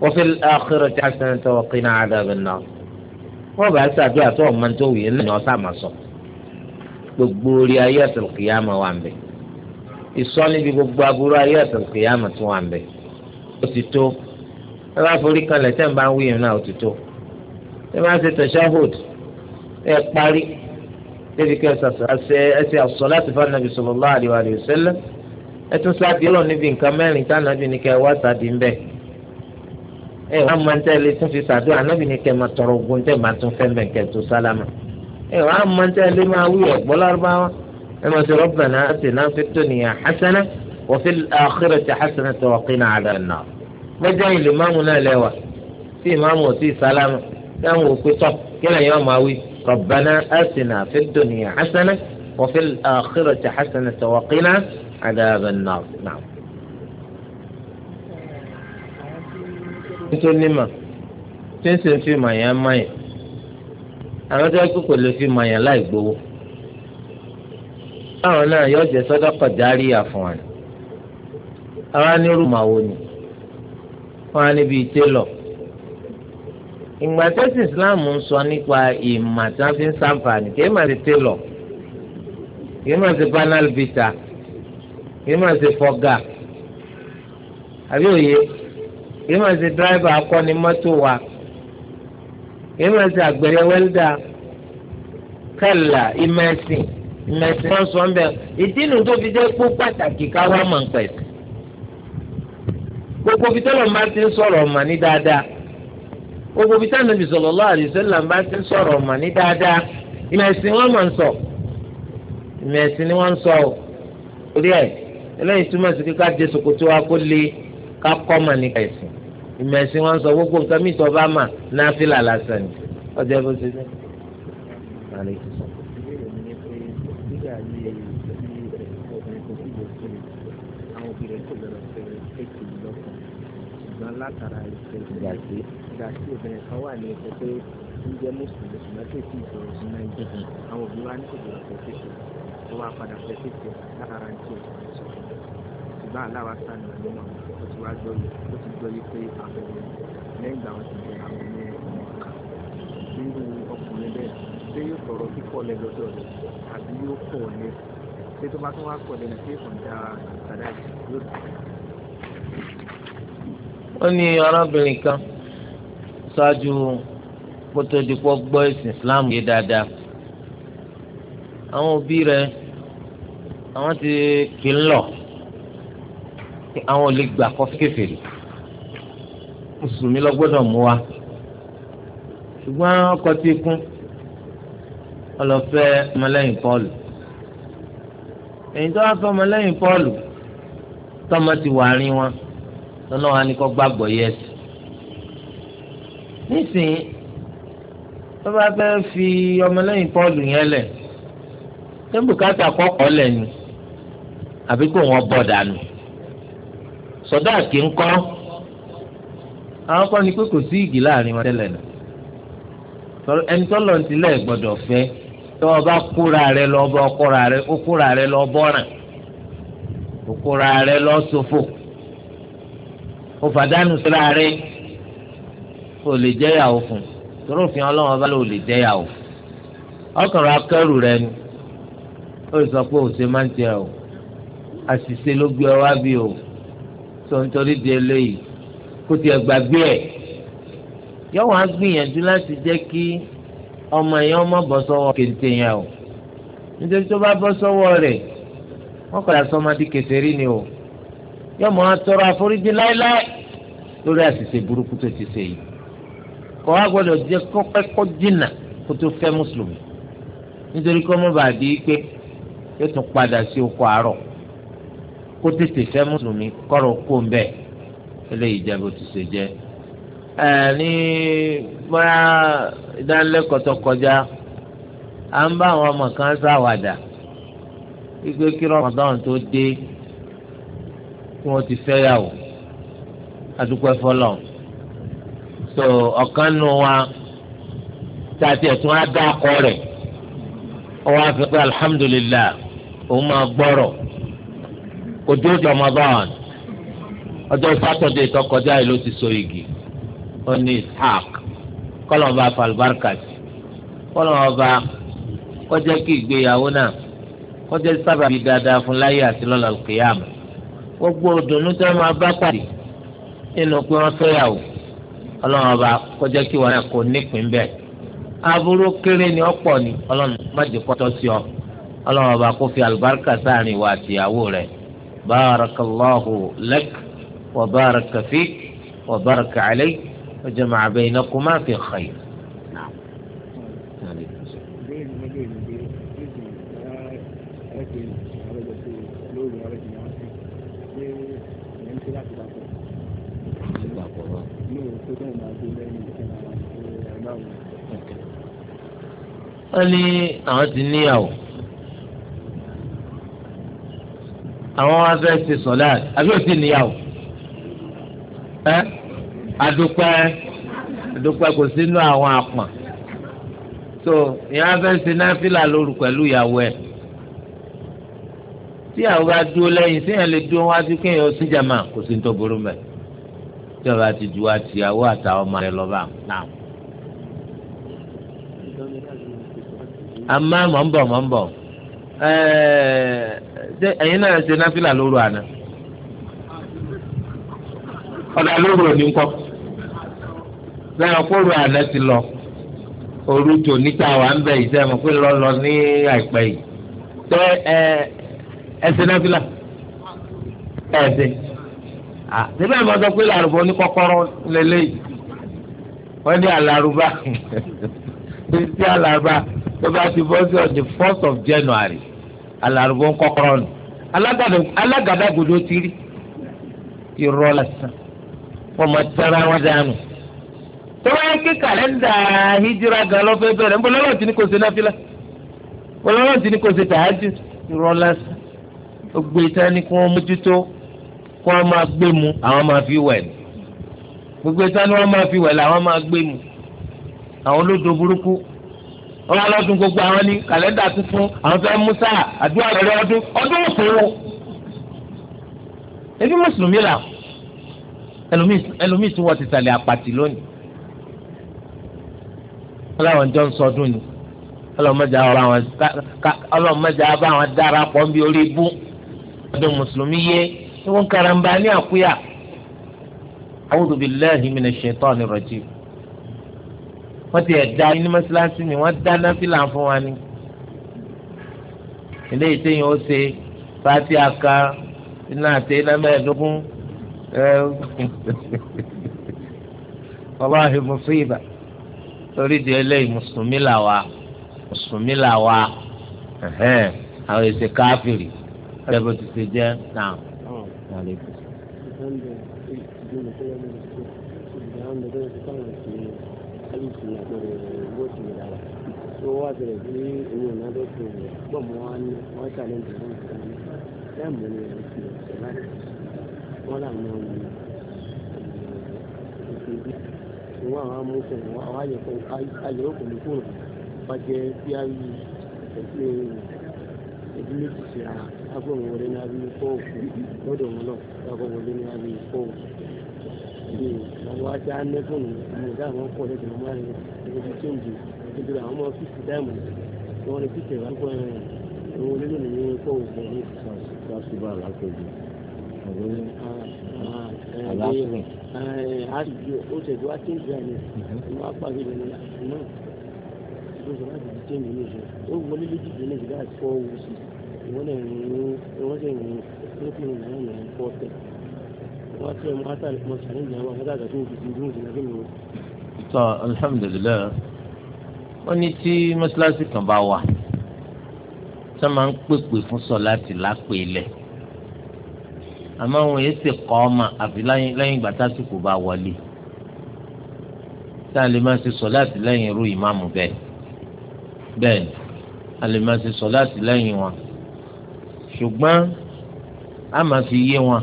وفي الآخرة حسنة وقنا عذاب النار wọ́n bá ṣàdúrà tó ọmọ tó wù yín ní ọ̀sán àmàsọ gbogbo orí ayé ẹ̀sìn kìyàmà wà mbẹ ìsọ níbi gbogbo aburú ayé ẹ̀sìn kìyàmà tó wà mbẹ ó ti tó ẹ bá forí kanlẹ̀ tẹ́ ń bá ń wí yín náà ó ti tó ẹ bá ṣe tashahhud ẹ parí débi kí ẹ ṣe ẹsẹ as-salatu fan nabi sallallahu alaihi wa sallam ẹ tún sáà bí ọlọ́ọ̀ níbi nǹkan mẹ́rin tá nàbí ni kẹ́ wá sáà dín bẹ́ẹ̀. ẹ wọ́n máa ń tẹ́lẹ̀ tún fi sàdúrà anábì ní kẹ́ máa tọrọ ogun tẹ́ máa tún fẹ́ẹ́ bẹ̀kẹ́ tó sálámà ẹ wọ́n máa ń tẹ́lẹ̀ máa wí ẹ̀gbọ́n lárúbáwá ẹ máa sọ rabbana atina fid dunya hasana wa fil akhirati hasana wa qina adhaban nar mẹ́jọ ìlú lè náà lẹ́wà tí ìmáàmù ò tí sálámà sálámà táwọn òkú tọ̀ kí lẹ́yìn ọmọ awí rabbana atina fid dunya hasana wa fil akhirati hasana wa qina adhaban nar. nítorí nímà tí ń sè fi màyàn máyàn àwọn tó yẹ kó kò lè fi màyàn láì gbowó àwọn náà yóò jẹ sọdọkọ járíyà fún wa ni àwọn anírú màwo ni wọn á níbi télọ̀ ìgbà tẹ́sí Islam ń sọ nípa ìmà tí wọ́n fi ń sàǹfààní kì í máa ti télọ̀ kì í máa ti banal bita kì í máa ti fọ́gà àbí òye kì í máa ṣe dírẹ́bà akọni mọ́tò wa kì í máa ṣe àgbẹ̀rẹ̀ wẹ́lda kẹlà ìmẹ̀sìn ìmẹ̀sìn wọn sọ bẹ́ẹ̀ ìdí nu tó fi jẹ́ kó pàtàkì káwá mọ̀ pẹ̀ sí. gbogbo fi tọ́lọ̀ máa ti ń sọ̀rọ̀ mà ní dáadáa gbogbo fi tọ́lọ̀ mi sọ̀rọ̀ lọ́wọ́ àdìsẹ́là máa ti ń sọ̀rọ̀ mà ní dáadáa ìmẹ̀sìn wọn máa ń sọ ìmẹ̀sìn ni wọ́n ń sọ orí ẹ̀ eléyìí túmọ̀ sí kíkà dé sokoto wa kó lé kakọ́ mà nípa ẹ̀sìn ìmẹ̀sìn wọn sọ gbogbo nǹkan mi tọ́ bá mà náfìlà lásán ni ọjọ́ bó ti dé. látara o sọ ṣùgbọ́n wá jọ yìí ó ti jọ yìí pé àbẹ̀wò lẹ́yìn ìgbà wọn ti bẹ̀ àwọn ní ọmọ kan nínú ọkùnrin bẹ́ẹ̀ ṣé yóò sọ̀rọ̀ kíkọ́ lẹ lọ́dọ̀ rẹ̀ àbí yóò kọ̀ lẹ ṣé tó bá tún wá kọ̀ lẹ́nu pé kọ̀ǹda sàdá yóò dà. ó ní arábìnrin kan ṣáájú kó tó di pọ́ gbọ́ ìsìn Islam yé dáadáa àwọn òbí rẹ̀ àwọn ti kì í lọ àwọn ò lè gbà kọ́ kèfèrí mùsùlùmí lọ gbọ́dọ̀ mú wa ṣùgbọ́n ọkọ̀ tí kún ọlọ́fẹ́ ọmọlẹ́yìn pọ́ọ̀lù èyí tó wá fẹ́ ọmọlẹ́yìn pọ́ọ̀lù tọ́mọ ti wà rìn wọn lọ́nà wa ni kò gbàgbọ́ yẹ́sì nísìnyí tó bá fẹ́ fi ọmọlẹ́yìn pọ́ọ̀lù yẹn lẹ̀ ṣé bùkátà kọ́kọ́ ni àbí kò wọ́n bọ̀ dànù. sọdọ kì ń àwọn kan ní pé kò sí ìgì láàrin wọn náà ẹni tó lọ sílẹ̀ gbọdọ fẹ tó o bá kóra rẹ lọ bọ́ kóra rẹ ó kóra rẹ lọ bọ́ràn ó kóra rẹ lọ sofo ó fàdánù síra rẹ ó lè jẹ́yàwó fún torí bá lò lè ọ àṣìṣe ló gbé o. tó ń torí di eléyìí kó tiẹ̀ gbàgbé ẹ̀ yọ wàá gbìyànjú láti jẹ́ kí ọmọ yẹn ọmọ bọ́ sọ́wọ́ kéńté yẹn o nítorí tó bá bọ́ sọ́wọ́ rẹ̀ wọ́n ya sọ́mọdé kẹsẹ̀rí ni o yọ mọ́ atọ́rọ àforíjì láéláé lórí àṣìṣe burúkú tó ti ṣe yìí kọ́ wa gbọ́dọ̀ jẹ́ kọ́pẹ́kọ́ jìnnà kó tó fẹ́ mùsùlùmí nítorí kọ́ mọ́ bàá pé yóò tún padà sí oko àárọ̀ kó tètè fẹ́ mùsùlùmí kọ́rọ̀ kó ń bẹ̀ eléyìí jẹ́ bó ti ṣe jẹ́. ẹ ní bóyá ìdánilẹ́kọ̀ọ́ tó kọjá à ń bá àwọn ọmọ kan ṣàwàdà wípé kí rọmọdán tó dé kí wọ́n ti fẹ́yàwó adúpẹ́ fọlọ́ so ọ̀kan nù wa tá a tiẹ̀ tún á dá akọ rẹ̀ ọ wá alihamudulilayi òun máa gbọ́rọ̀. kò dúró di Ramadan ọjọ́ sátọ̀dé tó kọjá ti so igi ó ishaq kọ́lọ́mọba falbarkas kọ́lọ́mọba kọjá kí ìgbéyàwó náà kọjá sábàbí dáadáa fún láyé àti lọ́la kìyàmù gbogbo òdùnnú tẹ́ máa bá pàdé nínú pé kọjá kí wọn kò nípìn bẹ́ẹ̀ aburú kéré ni ni sí ọ fi ìwà rẹ. بارك الله لك وبارك فيك وبارك عليك وجمع بينكما في خير نعم àwọn ti níyàwó àwọn wá fẹ́ ṣe sọ̀lá àbí òsì níyàwó ẹ adúpẹ́ adúpẹ́ kò sínú àwọn àpọ̀n so ìyá fẹ́ ṣe náfìlà lóru pẹ̀lú ìyàwó ẹ̀ tí àwọn bá dúró lẹ́yìn sí yẹn lè dúró wájú kéèyàn sí jàmá kò sí ní tó burú mẹ́ ìjọba ti ju àtìyàwó àtàwọn ọmọ rẹ lọ́ba náà. àmọ́ mọ̀ ń bọ̀ mọ̀ ń bọ̀ ẹ̀ẹ́ ṣé náà ṣe náfìlà lóru àná ọ̀dà lóru òní ńkọ́ lẹ́yìn kóru àná ti lọ oru tò níta wà ń bẹ̀ ìṣe ẹ̀mọ́ pé lọ́lọ́ ní àìpẹ́ yìí tẹ ẹ ẹ ṣe náfìlà ẹ ṣe síbẹ̀ ẹ̀ mọ́tò pé làrúbọ ní kọ́kọ́rọ́ lélẹ́yìí wọ́n ní àlàrúbá àlàrúbá tó bá ti bọ́ sí ọ̀dẹ̀ first of January. alárúgbó ń kọ́kọ́rọ́ nù alágàdàgodo ti rí irọ́ lásán wọ́n máa tẹ́ra wọn dànù tọ́wọ́ yẹn kí kàlẹ́ndà hijira gan lọ́fẹ́ bẹ̀rẹ̀ ń bọ́ lọ́wọ́ tí ni kò ṣe náfìlà ń lọ́wọ́ tí ni kò ṣe tàájú irọ́ lásán gbogbo ìtàn ni kí wọ́n mójútó kí wọ́n máa gbé mu àwọn máa fi wẹ̀ ni gbogbo ìtàn ni wọ́n máa fi wẹ̀ làwọn máa gbé mu àwọn olódò burúkú wọn alọdún gbogbo àwọn ní kàlẹ́ndà tuntun àwọn fẹ́ musa àdúrà rẹ̀ ọdún ọdún òkòwò ebi mùsùlùmí là ẹlòmíì tí wọ́n ti sàlẹ̀ àpàtì lónìí wọn làwọn jọ ń sọdún ni ọlọ́mọdé abá àwọn dára pọ̀ ń bí orí bú ọdún mùsùlùmí yé wọn karambá ní àkúyà a'udhu billahi minash shaitani rajim wọ́n ti ẹ̀dá ní mọ́ṣáláṣí ni wọ́n dá náfìlà fún wa ni. ilé ìtẹ̀yìn ó ṣe fati aka iná àti iná mẹ́ẹ̀ẹ́dógún wàláhi mùsíbà torí di eléyìí mùsùlùmí là wá mùsùlùmí là wá àwọn èsì káfìrì ẹ̀rọ ti ṣe jẹ́ náà sáyẹ̀sì àpẹẹrẹ bóòtù rẹ̀ dára tó wá bẹ̀rẹ̀ sí ìwé ìnáwó tó rẹ̀ pọ̀ mọ́ wá ní wọ́n ṣàlẹ̀ ìdíwọ́n tó ní lẹ́ẹ̀mú ni ẹ̀ ti ọ̀sẹ̀ láti wọ́n làwọn ọmọ ìṣe bí wọ́n àwọn amúṣe wọn àwọn àyẹ̀kọ́ àyẹ̀wò kò ní kúrò wọ́n jẹ́ bí a yí ẹ̀sìn ìdílé ti ṣe àgbọ̀n wọlé ní abiyí fọ́ọ̀kù lọ́dọ̀ wọn náà lágbọ̀n wọlé ní abiyí fọ́ọ̀kù àwọn ajá nẹ́fọ̀nù àwọn ọ̀gá àwọn ọkọ̀ ọ̀dẹ̀ tẹ̀wọ́n máa ń ẹgbẹ́ tó chẹ́ǹjì nítorí àwọn ọmọ fífi dáìmù wọn ni fífi ẹ̀rọ akọ ẹ̀rọ ìwọ̀n olóyè ní ìwé kọ́ òògùn ní ṣàṣùbà alákòjù alákùnrin. ó ṣètò wá chẹ́ǹjì àná ìwọ̀n apàdé rẹ̀ náà ó ṣe láti di chẹ́ǹjì ní ìṣẹ́ ó wọlé lójijì ní ìṣẹ́ láti fọ́ òwúṣì ìwọ́n náà ń rìn ó fi hàn tọ́ alhamdulilayi wọ́n ní tí mọ́ṣáláṣí kan bá wà tí wọ́n máa ń pèpè fún sọ́lá ti lápè lẹ̀ àmọ́ àwọn èyí sì kọ́ ọmọ àfi lẹ́yìn ìgbà tásìkò bá wọlé tá a lè máa ṣe sọ́lá àtìlẹ́yìn irú ìmáàmù bẹ́ẹ̀ bẹ́ẹ̀ ni a lè máa ṣe sọ́lá àtìlẹ́yìn wọn ṣùgbọ́n a máa fi yé wọn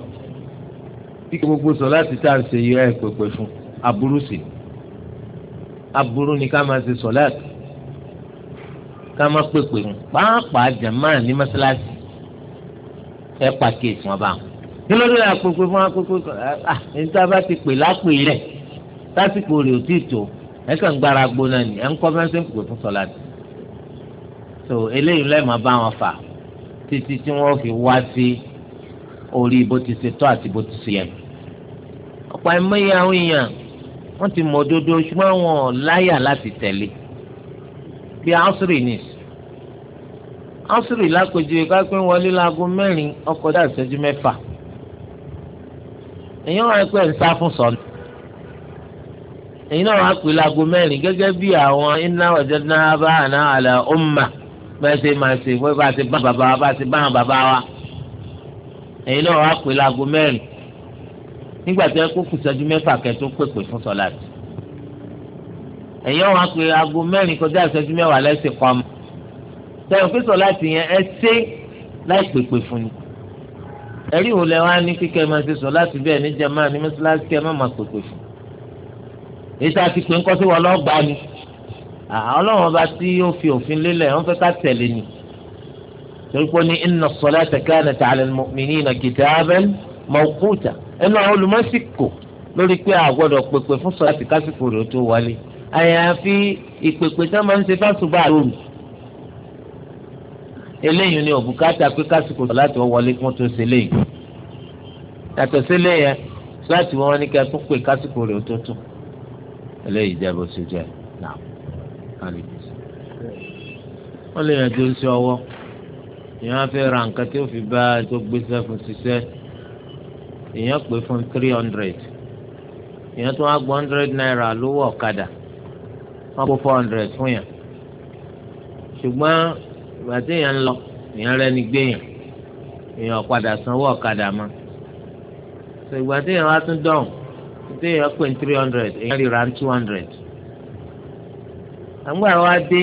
bí gbogbo sọ láti tá à ń ṣe yẹ pèpè fún aburú sí aburú ni ká máa ṣe sọ láti ká máa pèpè fún pàápàá jàmáà ní mọ́ṣáláṣí ẹ pàkíyèsí wọn bá wọn nílòdì àpòpò fún àpòpò ah, ah níta bá ti pè lápè rẹ lásìkò rẹ ò tí tó ẹ kàn gbára gbóná ni ẹ ń kọ́ fẹ́ẹ́ sẹ́ńpù fún sọ́lá ni. so eléyìí lẹ́ẹ̀ máa bá wọn fà títí tí wọ́n fi wá sí orí bó ti ṣe tọ́ àti bó ti ṣe yẹ. ọ̀pọ̀ ẹ̀mọ́yé àwọn èèyàn wọ́n ti mọ òdodo ṣùgbọ́n wọn ò láyà láti tẹ̀lé bí asiri ni asiri lápèjúwe ká pé wọlé láago mẹ́rin ọkọ̀ dá ìṣẹ́jú mẹ́fà èyí wọn pẹ́ ń sá fún sọ́nù èyí náà wàá pè láago mẹ́rin gẹ́gẹ́ bí àwọn iná ọ̀jẹ̀ náà bá àná àlẹ́ ọ̀ma bẹ́ẹ̀ ṣe máa ṣe wọ́n bá ti bá bàbá wa bá ti bá bàbá wa ẹ̀yin náà wàá pè láago mẹ́rin nígbà tó yẹ kó kù sẹ́jú mẹ́fà kẹ́tó pèpè fún sọ́láàtì ẹ̀yin náà wàá pè aago mẹ́rin kọjá ìṣẹ́jú mẹ́wàá lẹ́sìn kan sẹ́yìn pé sọ́láàtì yẹn ẹ ṣe láì pèpè fún ni ẹ̀rí wo lẹ́wọ́n á ní kíkẹ́ máa ṣe sọ́láàtì bẹ́ẹ̀ ní jàmá ní mọ́ṣáláṣí kẹ́ má máa pèpè fún èyí a ti pè ń kọ́ sí wọn lọ́gbàá ni ọlọ́run ọba tí ó fi òfin lélẹ̀ wọ́n fẹ́ ká tẹ̀lé ni torípọ̀ إن الصلاة كانت على المؤمنين كتابا muminina إن أقول ما سكوا olùmọ́sìkò lórí pé àgbọ̀dọ̀ pèpè fún sọ̀láàtì kásìkò rẹ̀ tó wọlé àyàfi ìpèpè tá máa ń ṣe fásùbà lóru eléyìí ni òbúkátà pé kásìkò sọ̀láàtì wọlé fún tó ṣe léyìí yàtọ̀ sí léyìí sọ̀láàtì wọn ní ká tún pè kásìkò rẹ̀ tó tún eléyìí jẹ́ bó ṣe jẹ́ náà wọ́n lè yànjú sí ọwọ́ èèyàn fẹ́ ra nǹkan tí ó fi bá tó gbéṣẹ́ fún ṣiṣẹ́ èèyàn pè fún three hundred èèyàn tó wá gbọ́ hundred naira lówó ọ̀kadà wọ́n kó four hundred fún yàn ṣùgbọ́n ìgbà tí èèyàn ń lọ èèyàn rẹ́ni gbéyàn èèyàn padà sanwó ọ̀kadà mọ́ ṣùgbà tí èèyàn wá tún dọ̀hùn tí èèyàn pè ní three hundred èèyàn lè ra two hundred àgbà wa dé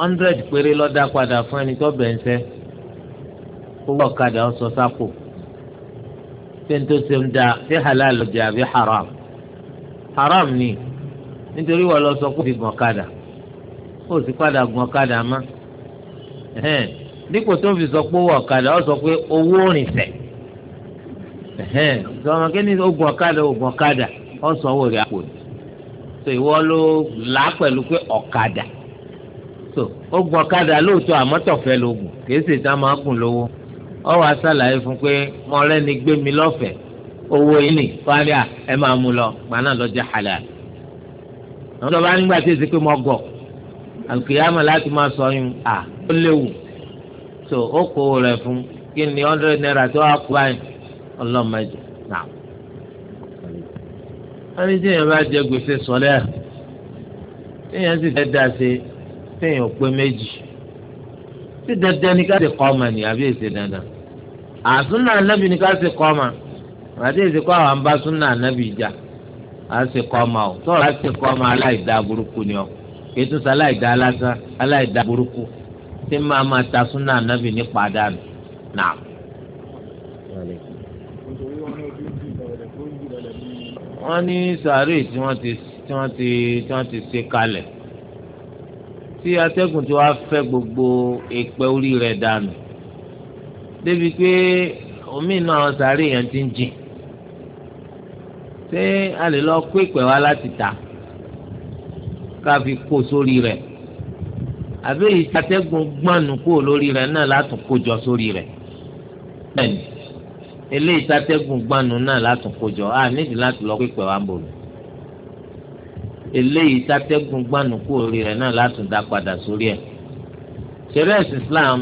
hundred péré lọ́dá padà fún ẹni tó bẹ̀ ń sẹ́ owó ọ̀kadà ọ̀sọ̀ sápò ṣé ní ń da halal ọjà àbí haram haram ni nítorí wọ́n lọ sọ pé ó fi gùn ọ̀kadà ó sì padà gùn ọ̀kadà mọ́ dípò tó fi sọ pé owó ọ̀kadà ó sọ pé owó kí ni ogun ọ̀kadà ogun ọ̀kadà ó so ìwọ ló là á pẹ̀lú pé so ogun ọ̀kadà lóòótọ́ àmọ́tọ̀fẹ́ lóògùn kì í sì tá máa ọ wàá ṣàlàyé fún pé mọ̀rẹ́ ni gbé mi lọ́fẹ̀ẹ́ owó yìí nì fáríà ẹ máa mú lọ gbà náà lọ jẹ́ halal. àwọn tó bá nígbà tí èsì pé mo gọ̀ àlùkìyàmọ̀ láti máa sọ yín à ó léwu tó ó kó o rẹ̀ fún kí ni hundred naira tó wàá kú báyìí ọlọ́mọdé náà. wọ́n ní tí bá jẹ gbèsè sọ́lẹ́ tí èèyàn sì fẹ́ dá sí tí pé méjì tí dandan ni ká ti kọ́ ọmọ nìyàbí èsì dandan. àsúnà anábì ni ká ṣe kọ́ ma àti ìsìnkú àwọn àǹbá súnà anábì jà á ṣe kọ́ ma o tọ́ ọ ṣe kọ́ ma aláìdá burúkú ni ọ ètò sọ aláìdá lásán aláìdá burúkú tí ma ta súnà anábì ní padànù náà. wọ́n ní sàárè tí wọ́n ti tí wọ́n ti tí wọ́n ti ṣe kalẹ̀ tí atẹ́gùn tí wọ́n á fẹ́ gbogbo èèpẹ̀ orí rẹ̀ dànù débi pé omi náà sàárè yẹn ti ń jìn ṣé a lè lọ kó ìpè wá láti ta ká fi kó sórí rẹ̀ àbí èyí atẹ́gùn gbọ́nù kó lórí rẹ̀ náà látún kójọ sórí rẹ̀ bẹ́ẹ̀ni eléyìí atẹ́gùn gbọ́nù náà látún kójọ a nídìí láti lọ pípẹ wá ń bò lò eléyìí atẹ́gùn gbọ́nù kó lórí rẹ̀ náà látún dá padà sórí ẹ̀ ṣẹlẹ̀ Islam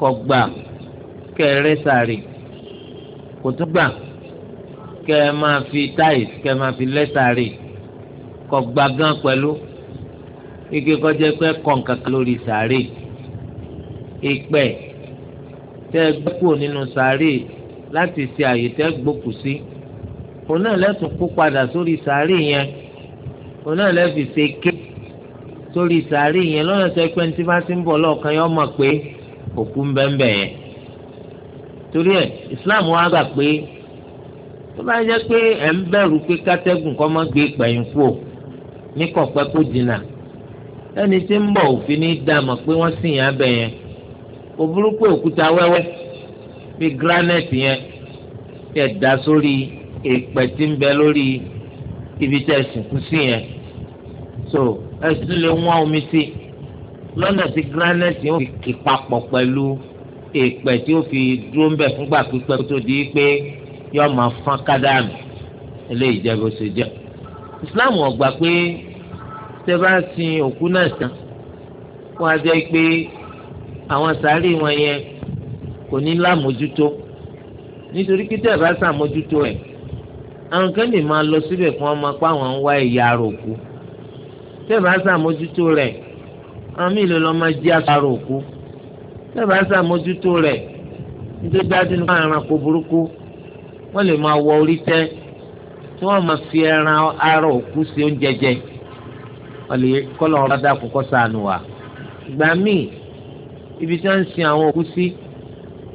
kò gbà kẹrẹ sàárì kò tún gbà kẹ ẹ máa fi táìs kẹ ẹ máa fi lẹ sàárì kọ gba gan pẹ̀lú ike kọjá pé kọǹkan lórí sàárì ìpè tẹ ẹ gbẹkùn nínú sàárì láti ṣe àyè tẹ gbókù sí òun náà lẹ́tùn kó padà sórí sàárì yẹn òun náà lẹ́fì ṣe ké sórí sàárì yẹn lọ́nà tó ẹ pé ní tí bá ti ń bọ̀ lọ́ọ̀kan yọ mọ̀ pé òkú ń bẹ́ẹ̀ bẹ́ẹ̀ yẹn torí ẹ̀ islam wa gbà pé tó bá jẹ́ pé ẹ̀ ń bẹ̀rù pé kátẹ́gùn kọ́ mọ́ gbé pẹ̀yìn kú ò ní kọ̀pẹ́ kó dínà ẹni tí ń bọ̀ òfin ní dàmọ̀ pé wọ́n sì yàn abẹ yẹn kò burú pé òkúta wẹ́wẹ́ bíi granite yẹn tẹ̀ dá sórí èèpẹ̀ tí ń bẹ lórí ibi tẹ̀ sìnkú sí yẹn so ẹ̀sìn lè wọ́n omi sí lọ́nà tí granite yẹn ò fi kí papọ̀ pẹ̀lú èèpẹ̀ tí ó fi dúró ń bẹ̀ fúngbà pípẹ́ tó di pé yóò máa fọ́n kádàánù eléyìí jẹ́ bó ṣe jẹ́ islam ò gbà pé tẹ́ bá sin òkú náà tán wọ́n á jẹ́ pé àwọn sàárì wọn yẹn kò ní lámòjútó nítorí pé tẹ́ bá sàmójútó àwọn kan lè máa lọ síbẹ̀ fún ọmọ pé àwọn ń wá ẹ̀yà àròkù tẹ́ bá sàmójútó rẹ̀ àwọn míì lè lọ máa jí àṣà àròkù bẹ́ẹ̀ bá ṣàmójútó rẹ̀ nítorí dájú nípa ẹranko burúkú wọ́n lè máa wọ orí tẹ́ tí wọ́n máa fi ẹran ara òkú sí oúnjẹ jẹ wọ́n lè kọ́lọ̀ ọ̀rọ̀ dákun kọ́ sànù wa. ìgbà míì ibi tí wọ́n ń sin àwọn òkú sí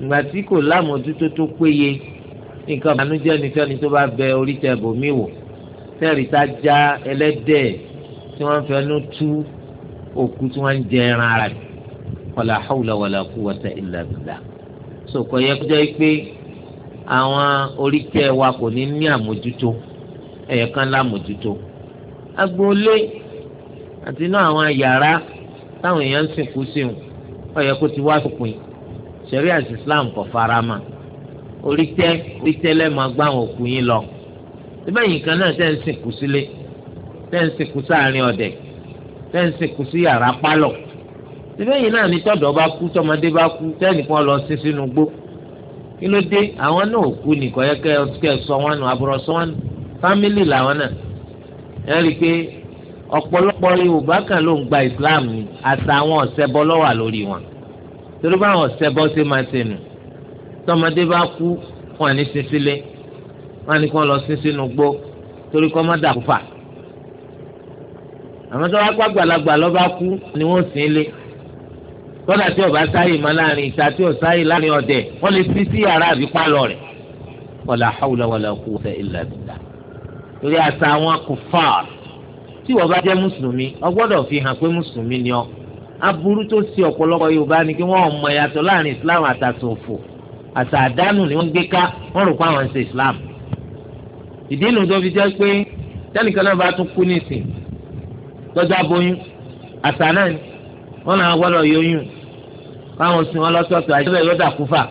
ìgbà tí kò lámòjútó tó péye nǹkan ìbànújẹ́ nìkẹ́ni tó bá bẹ orí tẹ bòmí wò tẹ́rì tá já ẹlẹ́dẹ̀ẹ́ tí wọ́n ń fẹnu tú òkú tí wọ́n ń jẹ ẹran ara rẹ̀ wala hawla wala quwwata illa billah sọkọ yẹ kó jẹ́ pé àwọn oríkẹ́ wa kò ní ní àmójútó ẹ̀yẹ kan lámójútó agboolé àti inú àwọn yàrá táwọn èèyàn ń sìnkú sí wọn ọ̀yẹ́ kó ti wá sópin ṣẹ̀ríà Islam kò fara mọ́ oríkẹ́ oríkẹ́ lẹ́ẹ̀mọ́ gbá àwọn òkú yín lọ síbẹ̀ yìí kan náà tẹ́ ń sìnkú sílé tẹ́ ń sìnkú sáàrin ọ̀dẹ̀ tẹ́ ń sìnkú sí yàrá pálọ̀ síbẹ̀yìn náà ní tọ́dọ̀ bá kú tọmọdé bá kú tẹ́nìkan lọ sí sínú gbó kí ló dé àwọn náà kú nìkan yẹ kẹ́ ẹ sọ wọn nù àbúrò sọ wọn nù fámìlì làwọn náà ẹ rí i pé ọ̀pọ̀lọpọ̀ Yorùbá kan ló ń gba Islam ni àtàwọn ọ̀sẹ̀bọ lọ́wà lórí wọn torí báwọn ọ̀sẹ̀bọ ṣe máa ṣe nù tọmọdé bá kú wọn ní sísílé wọn ní kí lọ sí sínú gbó torí kọ́ mọ́ dàkúfà àwọn tó wá gbàgbàlagbà lọ́ bá kú ni wọ́n sì ń lé kódà tí ọba sáyè má láàrin ìta tí ò sáyè láàrin ọdẹ wọ́n lè fi sí yàrá àbí pálọ̀ rẹ̀ wala hawla wala quwwata illa billah lórí àṣà àwọn kùfàr tí wọ́n bá jẹ́ mùsùlùmí o gbọ́dọ̀ fi hàn pé mùsùlùmí ni ọ́ aburú tó ṣe ọ̀pọ̀lọpọ̀ yorùbá ni kí wọ́n mọ ìyàtọ̀ láàrin islam àtàtòfò àti àdánù ni wọ́n gbé ká wọ́n rò pé ṣe islam ìdí inú tó fi jẹ́ pé tẹ́nìkan náà bá tún kú nísìn lọ́jọ́ aboyún àṣà náà ni wọn náà gbọ́dọ̀ yóyún káwọn sìn wọn lọ́sọ̀ọ̀sọ̀ àti bẹ́ẹ̀ yọdà kúfà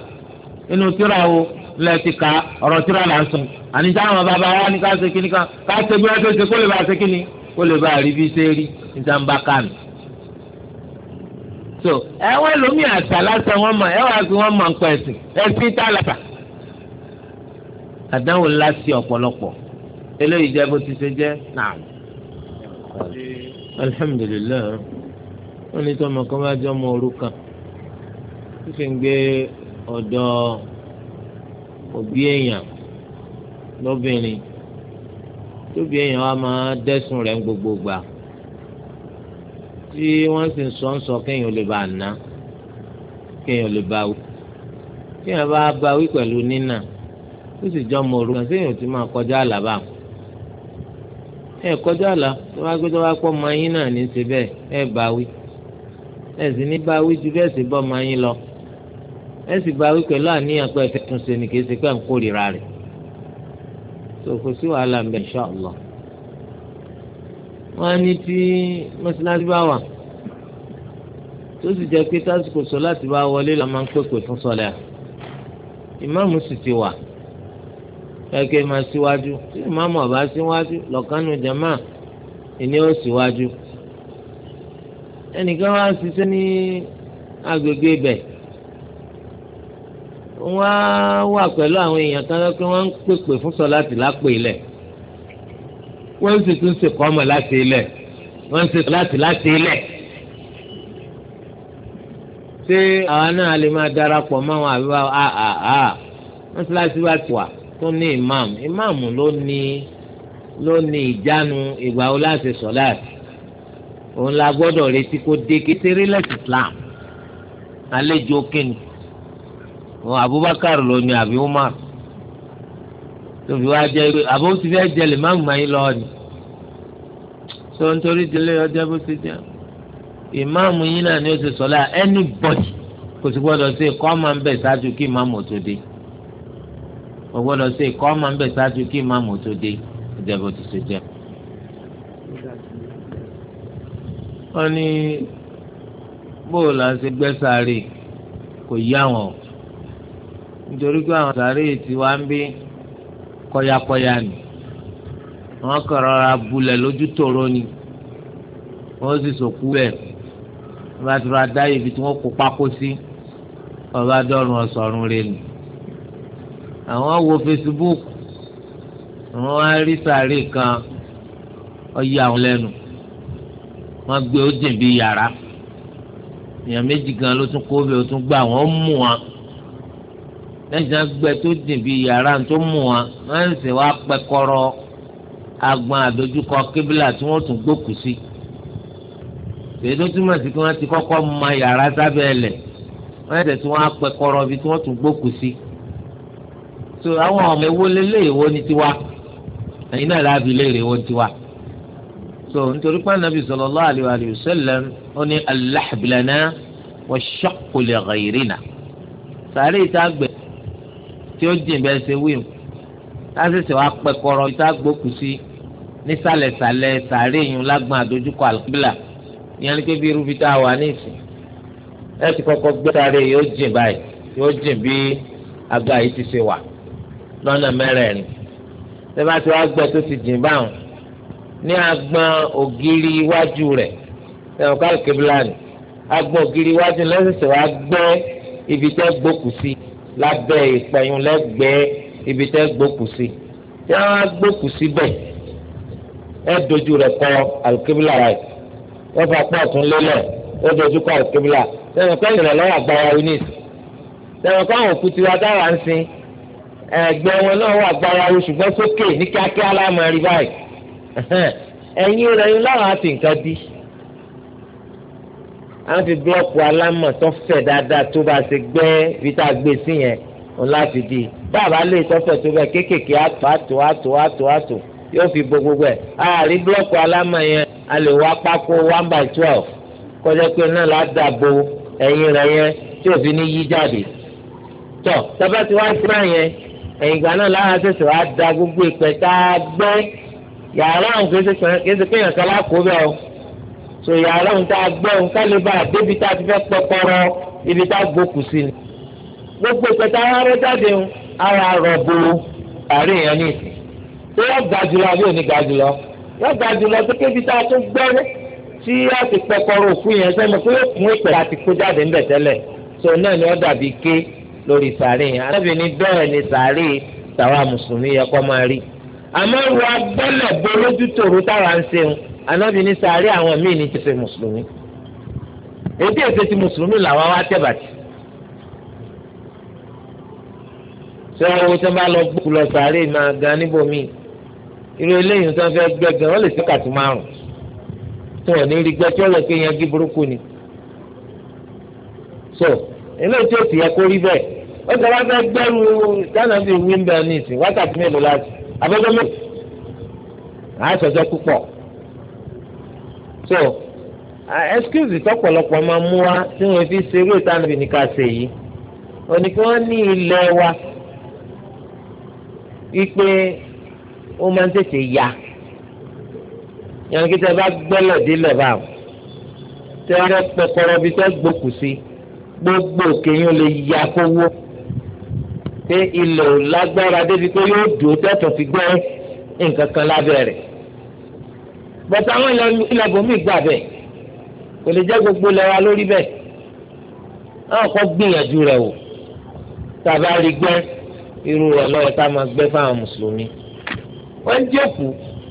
inú tíra o lẹ ti ka ọ̀rọ̀ tíra là ń sọ àní táwọn bàbá wa ní ká ṣe kíní kan ká ṣe bí wọn ṣe ṣe kó lè bá ṣe kíní kó lè bá rí bí ṣe rí ní sàǹbà kánù. so ẹ wọn lómi àṣà lásán wọn mọ ẹ wàá fi wọn mọ nǹkan ẹsìn ẹsìn tá làtà. àdánwò ńlá sí ọ̀pọ̀lọpọ̀ eléyìí jẹ́ bó ti ṣe jẹ́ náà. alhamdulilayi wọ́n ní tọ́mọ kan bá jọmọ òrukàn ó sì ń gbé ọ̀dọ̀ òbí èèyàn lóbìnrin tóbi èèyàn wa máa dẹ́sùn rẹ̀ ń gbogbo gbà tí wọ́n sì ń sọ ń sọ kéèyàn lè bá ná kéèyàn lè bá wí kéèyàn bá bá wí pẹ̀lú nínà ó sì jọmọ òrukàn séèyàn ti máa kọjá àlàbà ẹ kọjá àlà tó bá gbé tó bá pọ̀ mọ́ ayín náà ní í ṣe bẹ́ẹ̀ ẹ bá wí ẹ̀sìn ní bá wí ju bẹ́ẹ̀ sì bọ́ ọmọ yín lọ ẹ sì bá wí pẹ̀lú àníyàn pé ẹ̀fẹ́ tún ṣe ni kì í ṣe pé ń kórìíra rẹ̀ so kò sí wàhálà ń bẹ̀ insha Allah wọ́n á ní tí mọ́sálásí bá wà tó sì jẹ́ pé tásìkò sọ láti bá wọlé la máa ń pèpè fún sọlẹ̀ à ìmáàmù sì ti wà kẹ́kẹ́ máa síwájú tí ìmáàmù ọ̀bá síwájú lọ̀kánú jàmáà ìní ó síwájú ẹnìkan wá ń ṣiṣẹ́ ní agbègbè ibẹ̀ wọ́n á wà pẹ̀lú àwọn èèyàn kan pé wọ́n ń pèpè fún sọ láti lápè ilẹ̀ wọ́n sì tún ṣe kọ́mọ̀ láti ilẹ̀ wọ́n ṣe láti láti ilẹ̀ ṣé àwa náà lè máa darapọ̀ mọ́ àwọn àbí wa àà wọ́n ti láti wá tiwa tó ní ìmáàmù ìmáàmù ló ní ló ní ìjánu ìgbà wo láti sọ̀ òun la gbọ́dọ̀ retí kó dé kékeré lẹ́sìn Islam àlejò kínní wọn Abubakar ló ní àbí Umar tóbi wá jẹ ìwé àbó ti fẹ́ jẹlẹ̀ má mú ayé lọ ni tó ń torí délé ọjọ́ bó ti jẹ ìmáàmù yín náà ni ó ti sọlá anybody kò sì gbọ́dọ̀ ṣe kọ́ máa ń bẹ̀ ṣáájú kí ìmáàmù tó dé kò gbọ́dọ̀ ṣe kọ́ ń bẹ̀ ṣáájú kí ìmáàmù tó dé ọjọ́ bó ti ṣe jẹ́. wọ́n ní bóòlù là ń ṣe gbẹ́ sáré kò yá wọn nítorí pé àwọn sáré tí wàá ń bí kọyakọya ni wọ́n kọrọ ra bulẹ̀ lójú tòró ni wọ́n sì sòkú bẹ́ẹ̀ wọ́n bá tura dá ibi tí wọ́n kó pákó sí wọ́n bá dọ̀rùn ọ̀sọ̀rùn nù àwọn wo Facebook àwọn wá rí sáré kan ó yà wọ́n wọ́n gbé ó dìn bí yàrá èèyàn méjì gan ló tún kó bẹ́ẹ̀ ó tún gbà wọ́n mú wọn lẹ́yìn tí wọ́n gbẹ tó dìn bí yàrá tó mú wọn wọ́n sì wá pẹ́kọ́rọ́ agbọn àdójúkọ kébìlà tí wọ́n tún gbókù sí èyí tó túmọ̀ sí pé wọ́n ti kọ́kọ́ mọ yàrá sábẹ́ ẹlẹ̀ wọ́n ẹ̀sẹ̀ tí wọ́n á pẹ́kọ́rọ́ bí tí wọ́n tún gbókù sí so àwọn ọmọ ewo lélẹ̀ èwo ni tiwa ẹ̀yin náà láàbì léèrè tiwa so nítorí pé anabi sallallahu alayhi wa sallam ó ní alahbilana wa shaqqu li ghayrina sàárè ìta gbẹ tí ó jìn bẹ́ẹ̀ ṣe wíwù lásìsì wa pẹkọrọ ìta gbókùsí nísàlẹ̀sàlẹ̀ sàárè yìí lágbọn àdójúkọ àlùbílà ìyẹn ní pé bí irú fi tá a wà ní ìsìn ẹ ti kọ́kọ́ gbé sàárè yóò jìn báyìí yóò jìn bí àga yìí ti ṣe wà lọ́nà mẹ́rẹ̀ẹ̀rin tẹ́ bá ti wá gbẹ tó ti jìn báwọn ní agbọn ògiri iwájú rẹ̀ ẹ̀rọ kálukébìlánì agbọn ògiri iwájú lẹ́sẹ̀sẹ̀ wá gbẹ́ ibi tẹ́ gbókù sí lábẹ́ ìpẹ̀yìn lẹ́gbẹ́ ibi tẹ́ gbókù sí tí wọ́n á gbókù sí bẹ́ẹ̀ ẹ dojú rẹ̀ kọ alukébìlà rẹ̀ wọ́n fà pọ̀ tún lélẹ̀ ó dojú kọ alukébìlà ẹ̀rọ kẹ́lẹ̀ rẹ̀ lọ́wọ́ àgbára unis ẹ̀rọ káwọn òkú tiwa dára ń sin ẹ̀gbẹ́ wọn náà wà àgbára ṣùgbọ́n sókè ní kíákíá láàmú ẹ̀rí báyìí ẹ̀yin rẹ̀ yín láwọn á fi nǹkan bí a fi búlọ́ọ̀kù alámọ̀ tó fẹ̀ dáadáa tó bá ṣe gbẹ́ bí a gbé sí yẹn òun láti di bàbá lè tọ́fẹ̀ tó bẹ̀ kéékèèké àtò àtò àtò àtò àtò yóò fi bo gbogbo ẹ̀ àárí búlọ́ọ̀kù alámọ̀ yẹn a lè wá pákó one by twelve kọjá pé náà ládàbò ẹ̀yin rẹ̀ yẹn tí òfin ní yí jáde tọ́ tọ́fẹ́ tí wọ́n á sí náà yẹn ẹ̀yìn ìgbà náà láwọn àṣẹṣe wàá da gbogbo ìpẹ́ tá a yàrá òun kéde kéèyàn kan lákòó bẹ́ẹ̀ o so yàrá òun tá a gbọ́ òun ká lè bá a débi tá a ti fẹ́ pọpọrọ ibi tá a gbókù sí ni gbogbo ìpẹ̀tà ara jáde ń ara rọ̀bù àárín èèyàn ní ìsìn tó yọ ga jùlọ àbí òní ga jùlọ yọ ga jùlọ tó kébi tá a tún gbẹ́rẹ́ tí a ti pọpọrọ òkú yẹn sẹ́nu pé ó kún ìpẹ̀ láti kó jáde ńbẹ̀ tẹ́lẹ̀ so náà ni ó dàbí ké lórí sàárè yẹn alábìíní bẹ́ẹ̀ ni sàárè tàwa mùsùlùmí yẹ kó máa rí àmọ́ ìwà gbọ́lẹ̀ bolójú tòru táwa ń ṣe anábì ní sàárè àwọn míì ní tẹ̀sẹ̀ mùsùlùmí èdè èsè ti mùsùlùmí làwọn wá tẹ̀bàtì. ṣé owó tí wọ́n bá lọ gbókù lọ sàárè máa gan níbo míì irú eléyìí tí wọ́n fẹ́ gbẹ̀gàn wọ́n lè sí kàtí márùn tí wọ́n ní rí gbẹ́ tí wọ́n lọ pé yẹn gí burúkú ni. so eléyìí tí ó sì yẹ kó rí bẹ́ẹ̀ ó sọ wá fẹ́ gbẹ́rù dáná bíi wíńdà ní ìsìn wákàtí mélòó láti abọ́jọ́ mi àá sọ̀jọ́ púpọ̀ so excuse tọ́pọ̀lọpọ̀ máa mú wa tí wọ́n fi ṣerú ìtànàbì ní ká ṣe yìí òní kí wọ́n ní ilẹ̀ wa wípé ó máa ń tètè ya yàrá kí tẹ bá gbẹ́lẹ̀ délẹ̀ bá tẹ ẹ pẹkọrọ bí tẹ gbókù gbogbo òkè lè ya kówó pé ilẹ̀ ò lágbára débi pé yóò dùn tẹ́tọ̀ fi gbẹ́ nǹkan kan lábẹ́ rẹ̀ bọ̀tà àwọn ilẹ̀ bòmí gbà bẹ́ẹ̀ kò lè jẹ́ gbogbo lẹ́wà lórí bẹ́ẹ̀ náà kọ́ gbìyànjú rẹ̀ o tàbá rí gbẹ́ irú rẹ̀ lọ́wọ́ tá a máa gbẹ́ fáwọn mùsùlùmí wọ́n ń jẹ́ òkú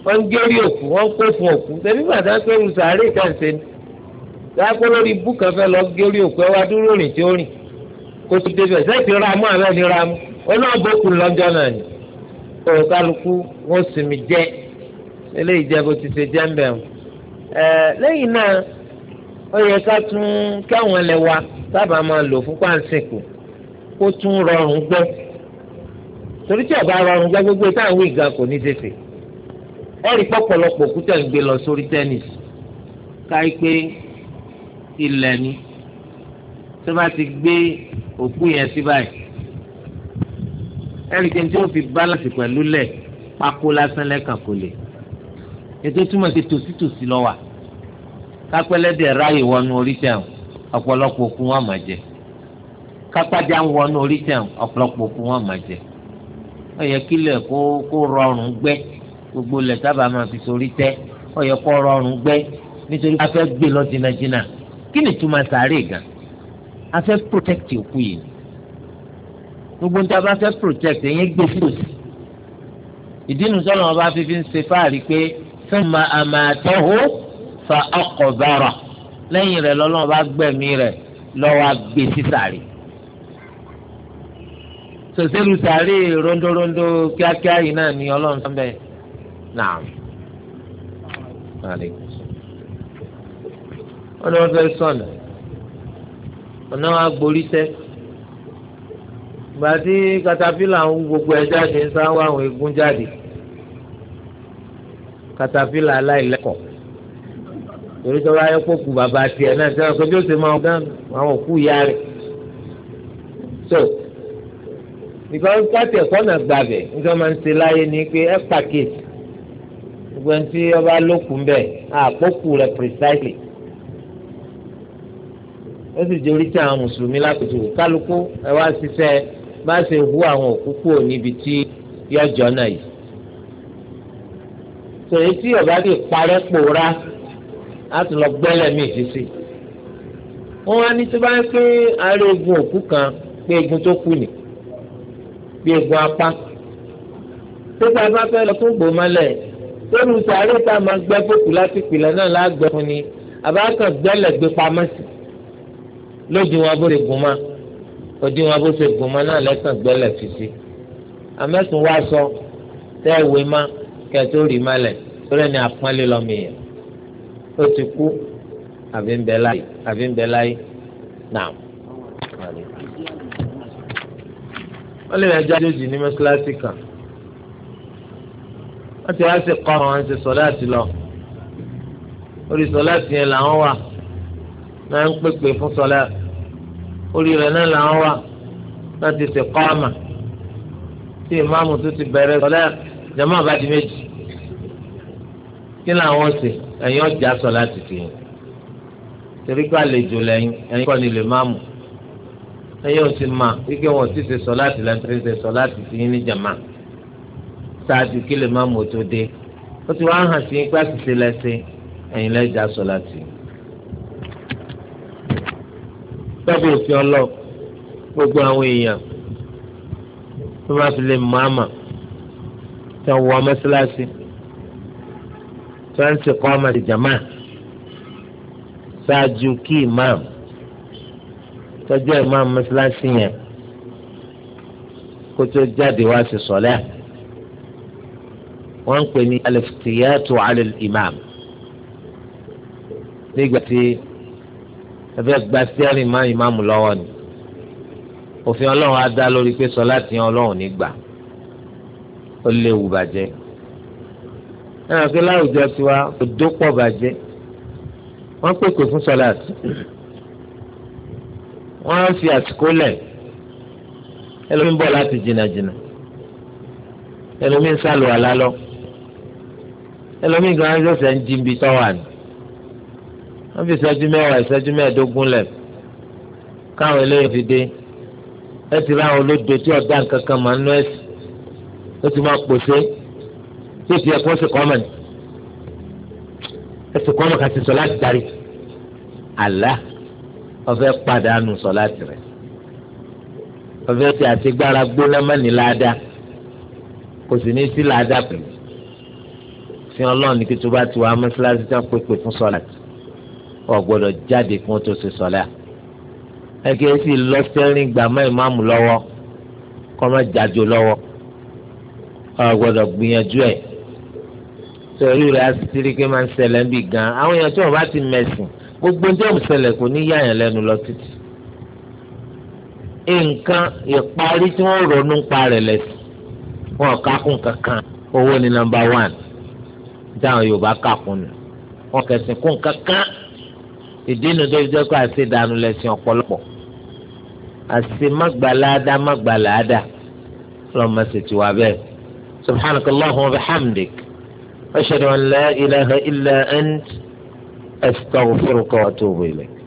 wọ́n ń gérí òkú wọ́n ń pè fún òkú tẹ̀lé bàtà pé rùsàárè kan ṣe ni dáko lórí ibú kan fẹ́ lọ gérí òkú ẹ wá dúró rìn tí ó rìn kó tó débẹ̀ sẹ́ẹ̀tì ra àbẹ́ni ra olóògbókun lọ́jọ́ náà ni olùkálukú wọn sinmi jẹ́ eléyìí jẹ́ bó ti ṣe jẹ́ ń bẹ̀ wọn. lẹ́yìn náà ó yẹ ká tún káwọn ẹlẹ́ wa sábà máa lò fún pàǹsìnkù kó tún rọrùn gbọ́ torí tí ọba rọrùn gbọ́ gbogbo táwọn wí gan kò ní tètè ẹ̀rí pọ̀pọ̀lọpọ̀ òkúta ń gbé lọ sórí tẹ́nìsì káyí pé ilẹ̀ ni tó bá ti gbé òkú yẹn sí báyìí ẹnìkan tí ó fi balance pẹ̀lú lẹ̀ pákó lásán lẹ́kàn kò lè ètò túmọ̀ sí tòsítòsí lọ́wà kápẹ́lẹ́dẹ̀ ráàyè wọnú orí tẹ̀hún ọ̀pọ̀lọpọ̀ òkú wọn mà jẹ kápájà ń wọnú orí tẹ̀hún ọ̀pọ̀lọpọ̀ òkú wọn mà jẹ ó yẹ kílẹ̀ kó kó rọrùn gbẹ́ gbogbo lẹ̀ sábà máa fi sórí tẹ́ ó kó rọrùn gbẹ́ nítorí afẹ́ gbé lọ jìnnàjìnnà kí ni túmọ̀ sàárè gan afẹ́ protect òkú yìí gbogbo níta bá fẹ́ protect ẹ̀yìn gbé fòsì ìdínú sọ́nà ọba fífi ń ṣe fáàrí pé thumma amatahu fa aqbara lẹ́yìn rẹ̀ lọ́nà ọba gbẹ̀mí rẹ̀ lọ́wọ́ agbè sísàrí. sòsèlú sàárè rondórondó kíákíá yìí náà ni ọlọ́run sọ́n bẹ́ẹ̀ náà wọ́n ní wọ́n fẹ́ sọ̀nà ọ̀nà wa gborí sẹ́ẹ́ ìgbà katapila ń wú gbogbo ẹ jáde ń sáwọ àwọn eegun jáde katapila aláìlẹ́kọ̀ọ́ torí tó bá yẹ kó kù bàbá tiẹ̀ náà sẹ́wọ̀n pé bí ó ṣe máa gán àwọn òkú ìyá rẹ̀ so because káàtì ẹ̀kọ́ náà gbàbẹ̀ nígbà máa ń ṣe láyé ni pé ẹ pàkíyèsí gbogbo ẹni tí ọba lókun bẹ́ẹ̀ àpòkù rẹ̀ precisely ó sì jẹ́ orí tí àwọn mùsùlùmí lápẹ̀tù kálukú ẹ wá ṣiṣẹ́ bá ṣe hu àwọn òkú kúrò níbi tí yọjọ náà yìí tòyí tí ọba ti parẹ́ pòórá láti lọ gbẹ́lẹ̀ míì fi si wọ́n wá ní tó bá ń pé ará egun òkú kan pé egun tó kù ní bí egun apá tó bá bá fẹ́ lọ fún gbòmọ́lẹ̀ lórí sàárè tá a máa gbẹ́ fòkù láti pìlẹ̀ náà lágbẹ́ fún ni àbá kan gbẹ́lẹ̀ gbé pamọ́ sí lójú wọn bó lè òdi wọn bó ṣe gbọmọ náà lẹ́sàn gbẹ́lẹ̀ fìsí amẹ́sùn wá sọ tẹ́ ìwé má kẹtó rí má lẹ̀ torí ẹni àpọ́nlé lọ́mọ yẹn ó ti kú àbí ń bẹ láyé àbí ń bẹ láyé náà. wọ́n lè rìn ajá lójì ní mọ́ṣáláṣí kan wọ́n ti wá sí kọ́ wọn ṣe sọ́láàtì lọ orí sọ́láàtì yẹn làwọn wà náà ń pèpè fún sọ́láàtì orí rẹ̀ náà làwọn wà láti ṣe kọ́ọ̀mà tí ìmáàmù tó ti bẹ̀rẹ̀ sọlẹ́ jàmá bá di méjì kí làwọn ṣe ẹ̀yin ọjà sọ láti fi yín torí pé àlejò lẹ́yìn ẹ̀yin kọ́ni lè máàmù ẹ̀yin ò sì mà wíkẹ́ wọn ti ṣe sọ láti lẹ́yìn tó ṣe sọ láti fi yín ní jàmá ṣáàjú kí lè máàmù tó dé ó ti wá hàn sí pé àṣìṣe lẹ́sìn ẹ̀yin lẹ́jà sọ láti yín. lábẹ́ òfin ọlọ́ gbogbo àwọn èèyàn tó máa fi lè mọ àmà tó ń wọ mọ́sálásí tó ń sèkọ́ ọmọ ìjàmá ṣáájú kí ìmáàmù tọ́jú ìmáàmù mọ́sálásí yẹn kó tó jáde wá sí sọ́lẹ́ wọ́n ń pè ní alẹ́fìtìyàtò alẹ́ ìmáàmù nígbà tí ẹfẹ gba sẹrin má ìmáàmù lọ́wọ́ ni òfin Ọlọ́run á dá lórí pé sọ láti yan Ọlọ́run nígbà ó léwu bàjẹ́ ẹnì àti láwùjọ tiwa òdó pọ̀ bàjẹ́ wọ́n pèpè fún sọláàtì wọ́n fi àsìkò lẹ̀ ẹlòmíín bọ̀ láti jìnnàjìnnà ẹlòmíín sálò àlálọ ẹlòmíín gan-an ṣẹ̀ṣẹ̀ ń jí ibi tọ́wà ni wọ́n fi ìṣẹ́jú mẹ́wàá ìṣẹ́jú mẹ́ẹ̀ẹ́dógún lẹ̀ káwọn eléyìí fi dé ẹ ti rí àwọn olódo tí ọ̀dà nǹkan kan máa ń nú ẹ̀sìn ó ti máa pòṣe tí ìfi ẹ̀kọ́ sì kọ́ mọ̀nì ẹ̀sìn kọ́ mọ̀ kà sí sọ láti darí àlá ọ̀fẹ́ pàdánù sọ láti rẹ̀ ọ̀fẹ́ ti àtigbára gbóná mọ́ni láadáa kò sì ní sí láadáa pẹ̀lú fi ọlọ́run ní kí tó bá ti wá mọ́ṣáláṣí tó pépè fún sọ́láàtì wọn gbọ́dọ̀ jáde kí wọn tó ṣe sọlá ẹgbẹ́ sì lọ sẹ́rìn gbàmọ́ ìmáàmù lọ́wọ́ kọ́ má jáde lọ́wọ́ wọn gbọ́dọ̀ gbìyànjú ẹ̀ torí rẹ̀ asitiri pé máa ń ṣẹlẹ̀ níbi gan àwọn èèyàn tí wọn bá ti mẹ̀sìn gbogbo ní ọ̀hún ṣẹlẹ̀ kò ní yáyàn lẹ́nu lọ títí nǹkan ìparí tí wọ́n ronú ń parẹ̀ lẹ́sìn wọn kà kankan owó ní nọ́mbà wán táwọn Yorùbá kà kún wọn kẹsìn kún kankan ìdí nu tó fi jẹ́ kó àṣẹ dànù lẹ́sìn ọ̀pọ̀lọpọ̀ àṣẹ magbalada magbalada lọ́mọ ṣètì wá bẹ́ẹ̀ subhanak allahumma wa bihamdik ashhadu an la ilaha illa ant astaghfiruka wa atubu ilayk.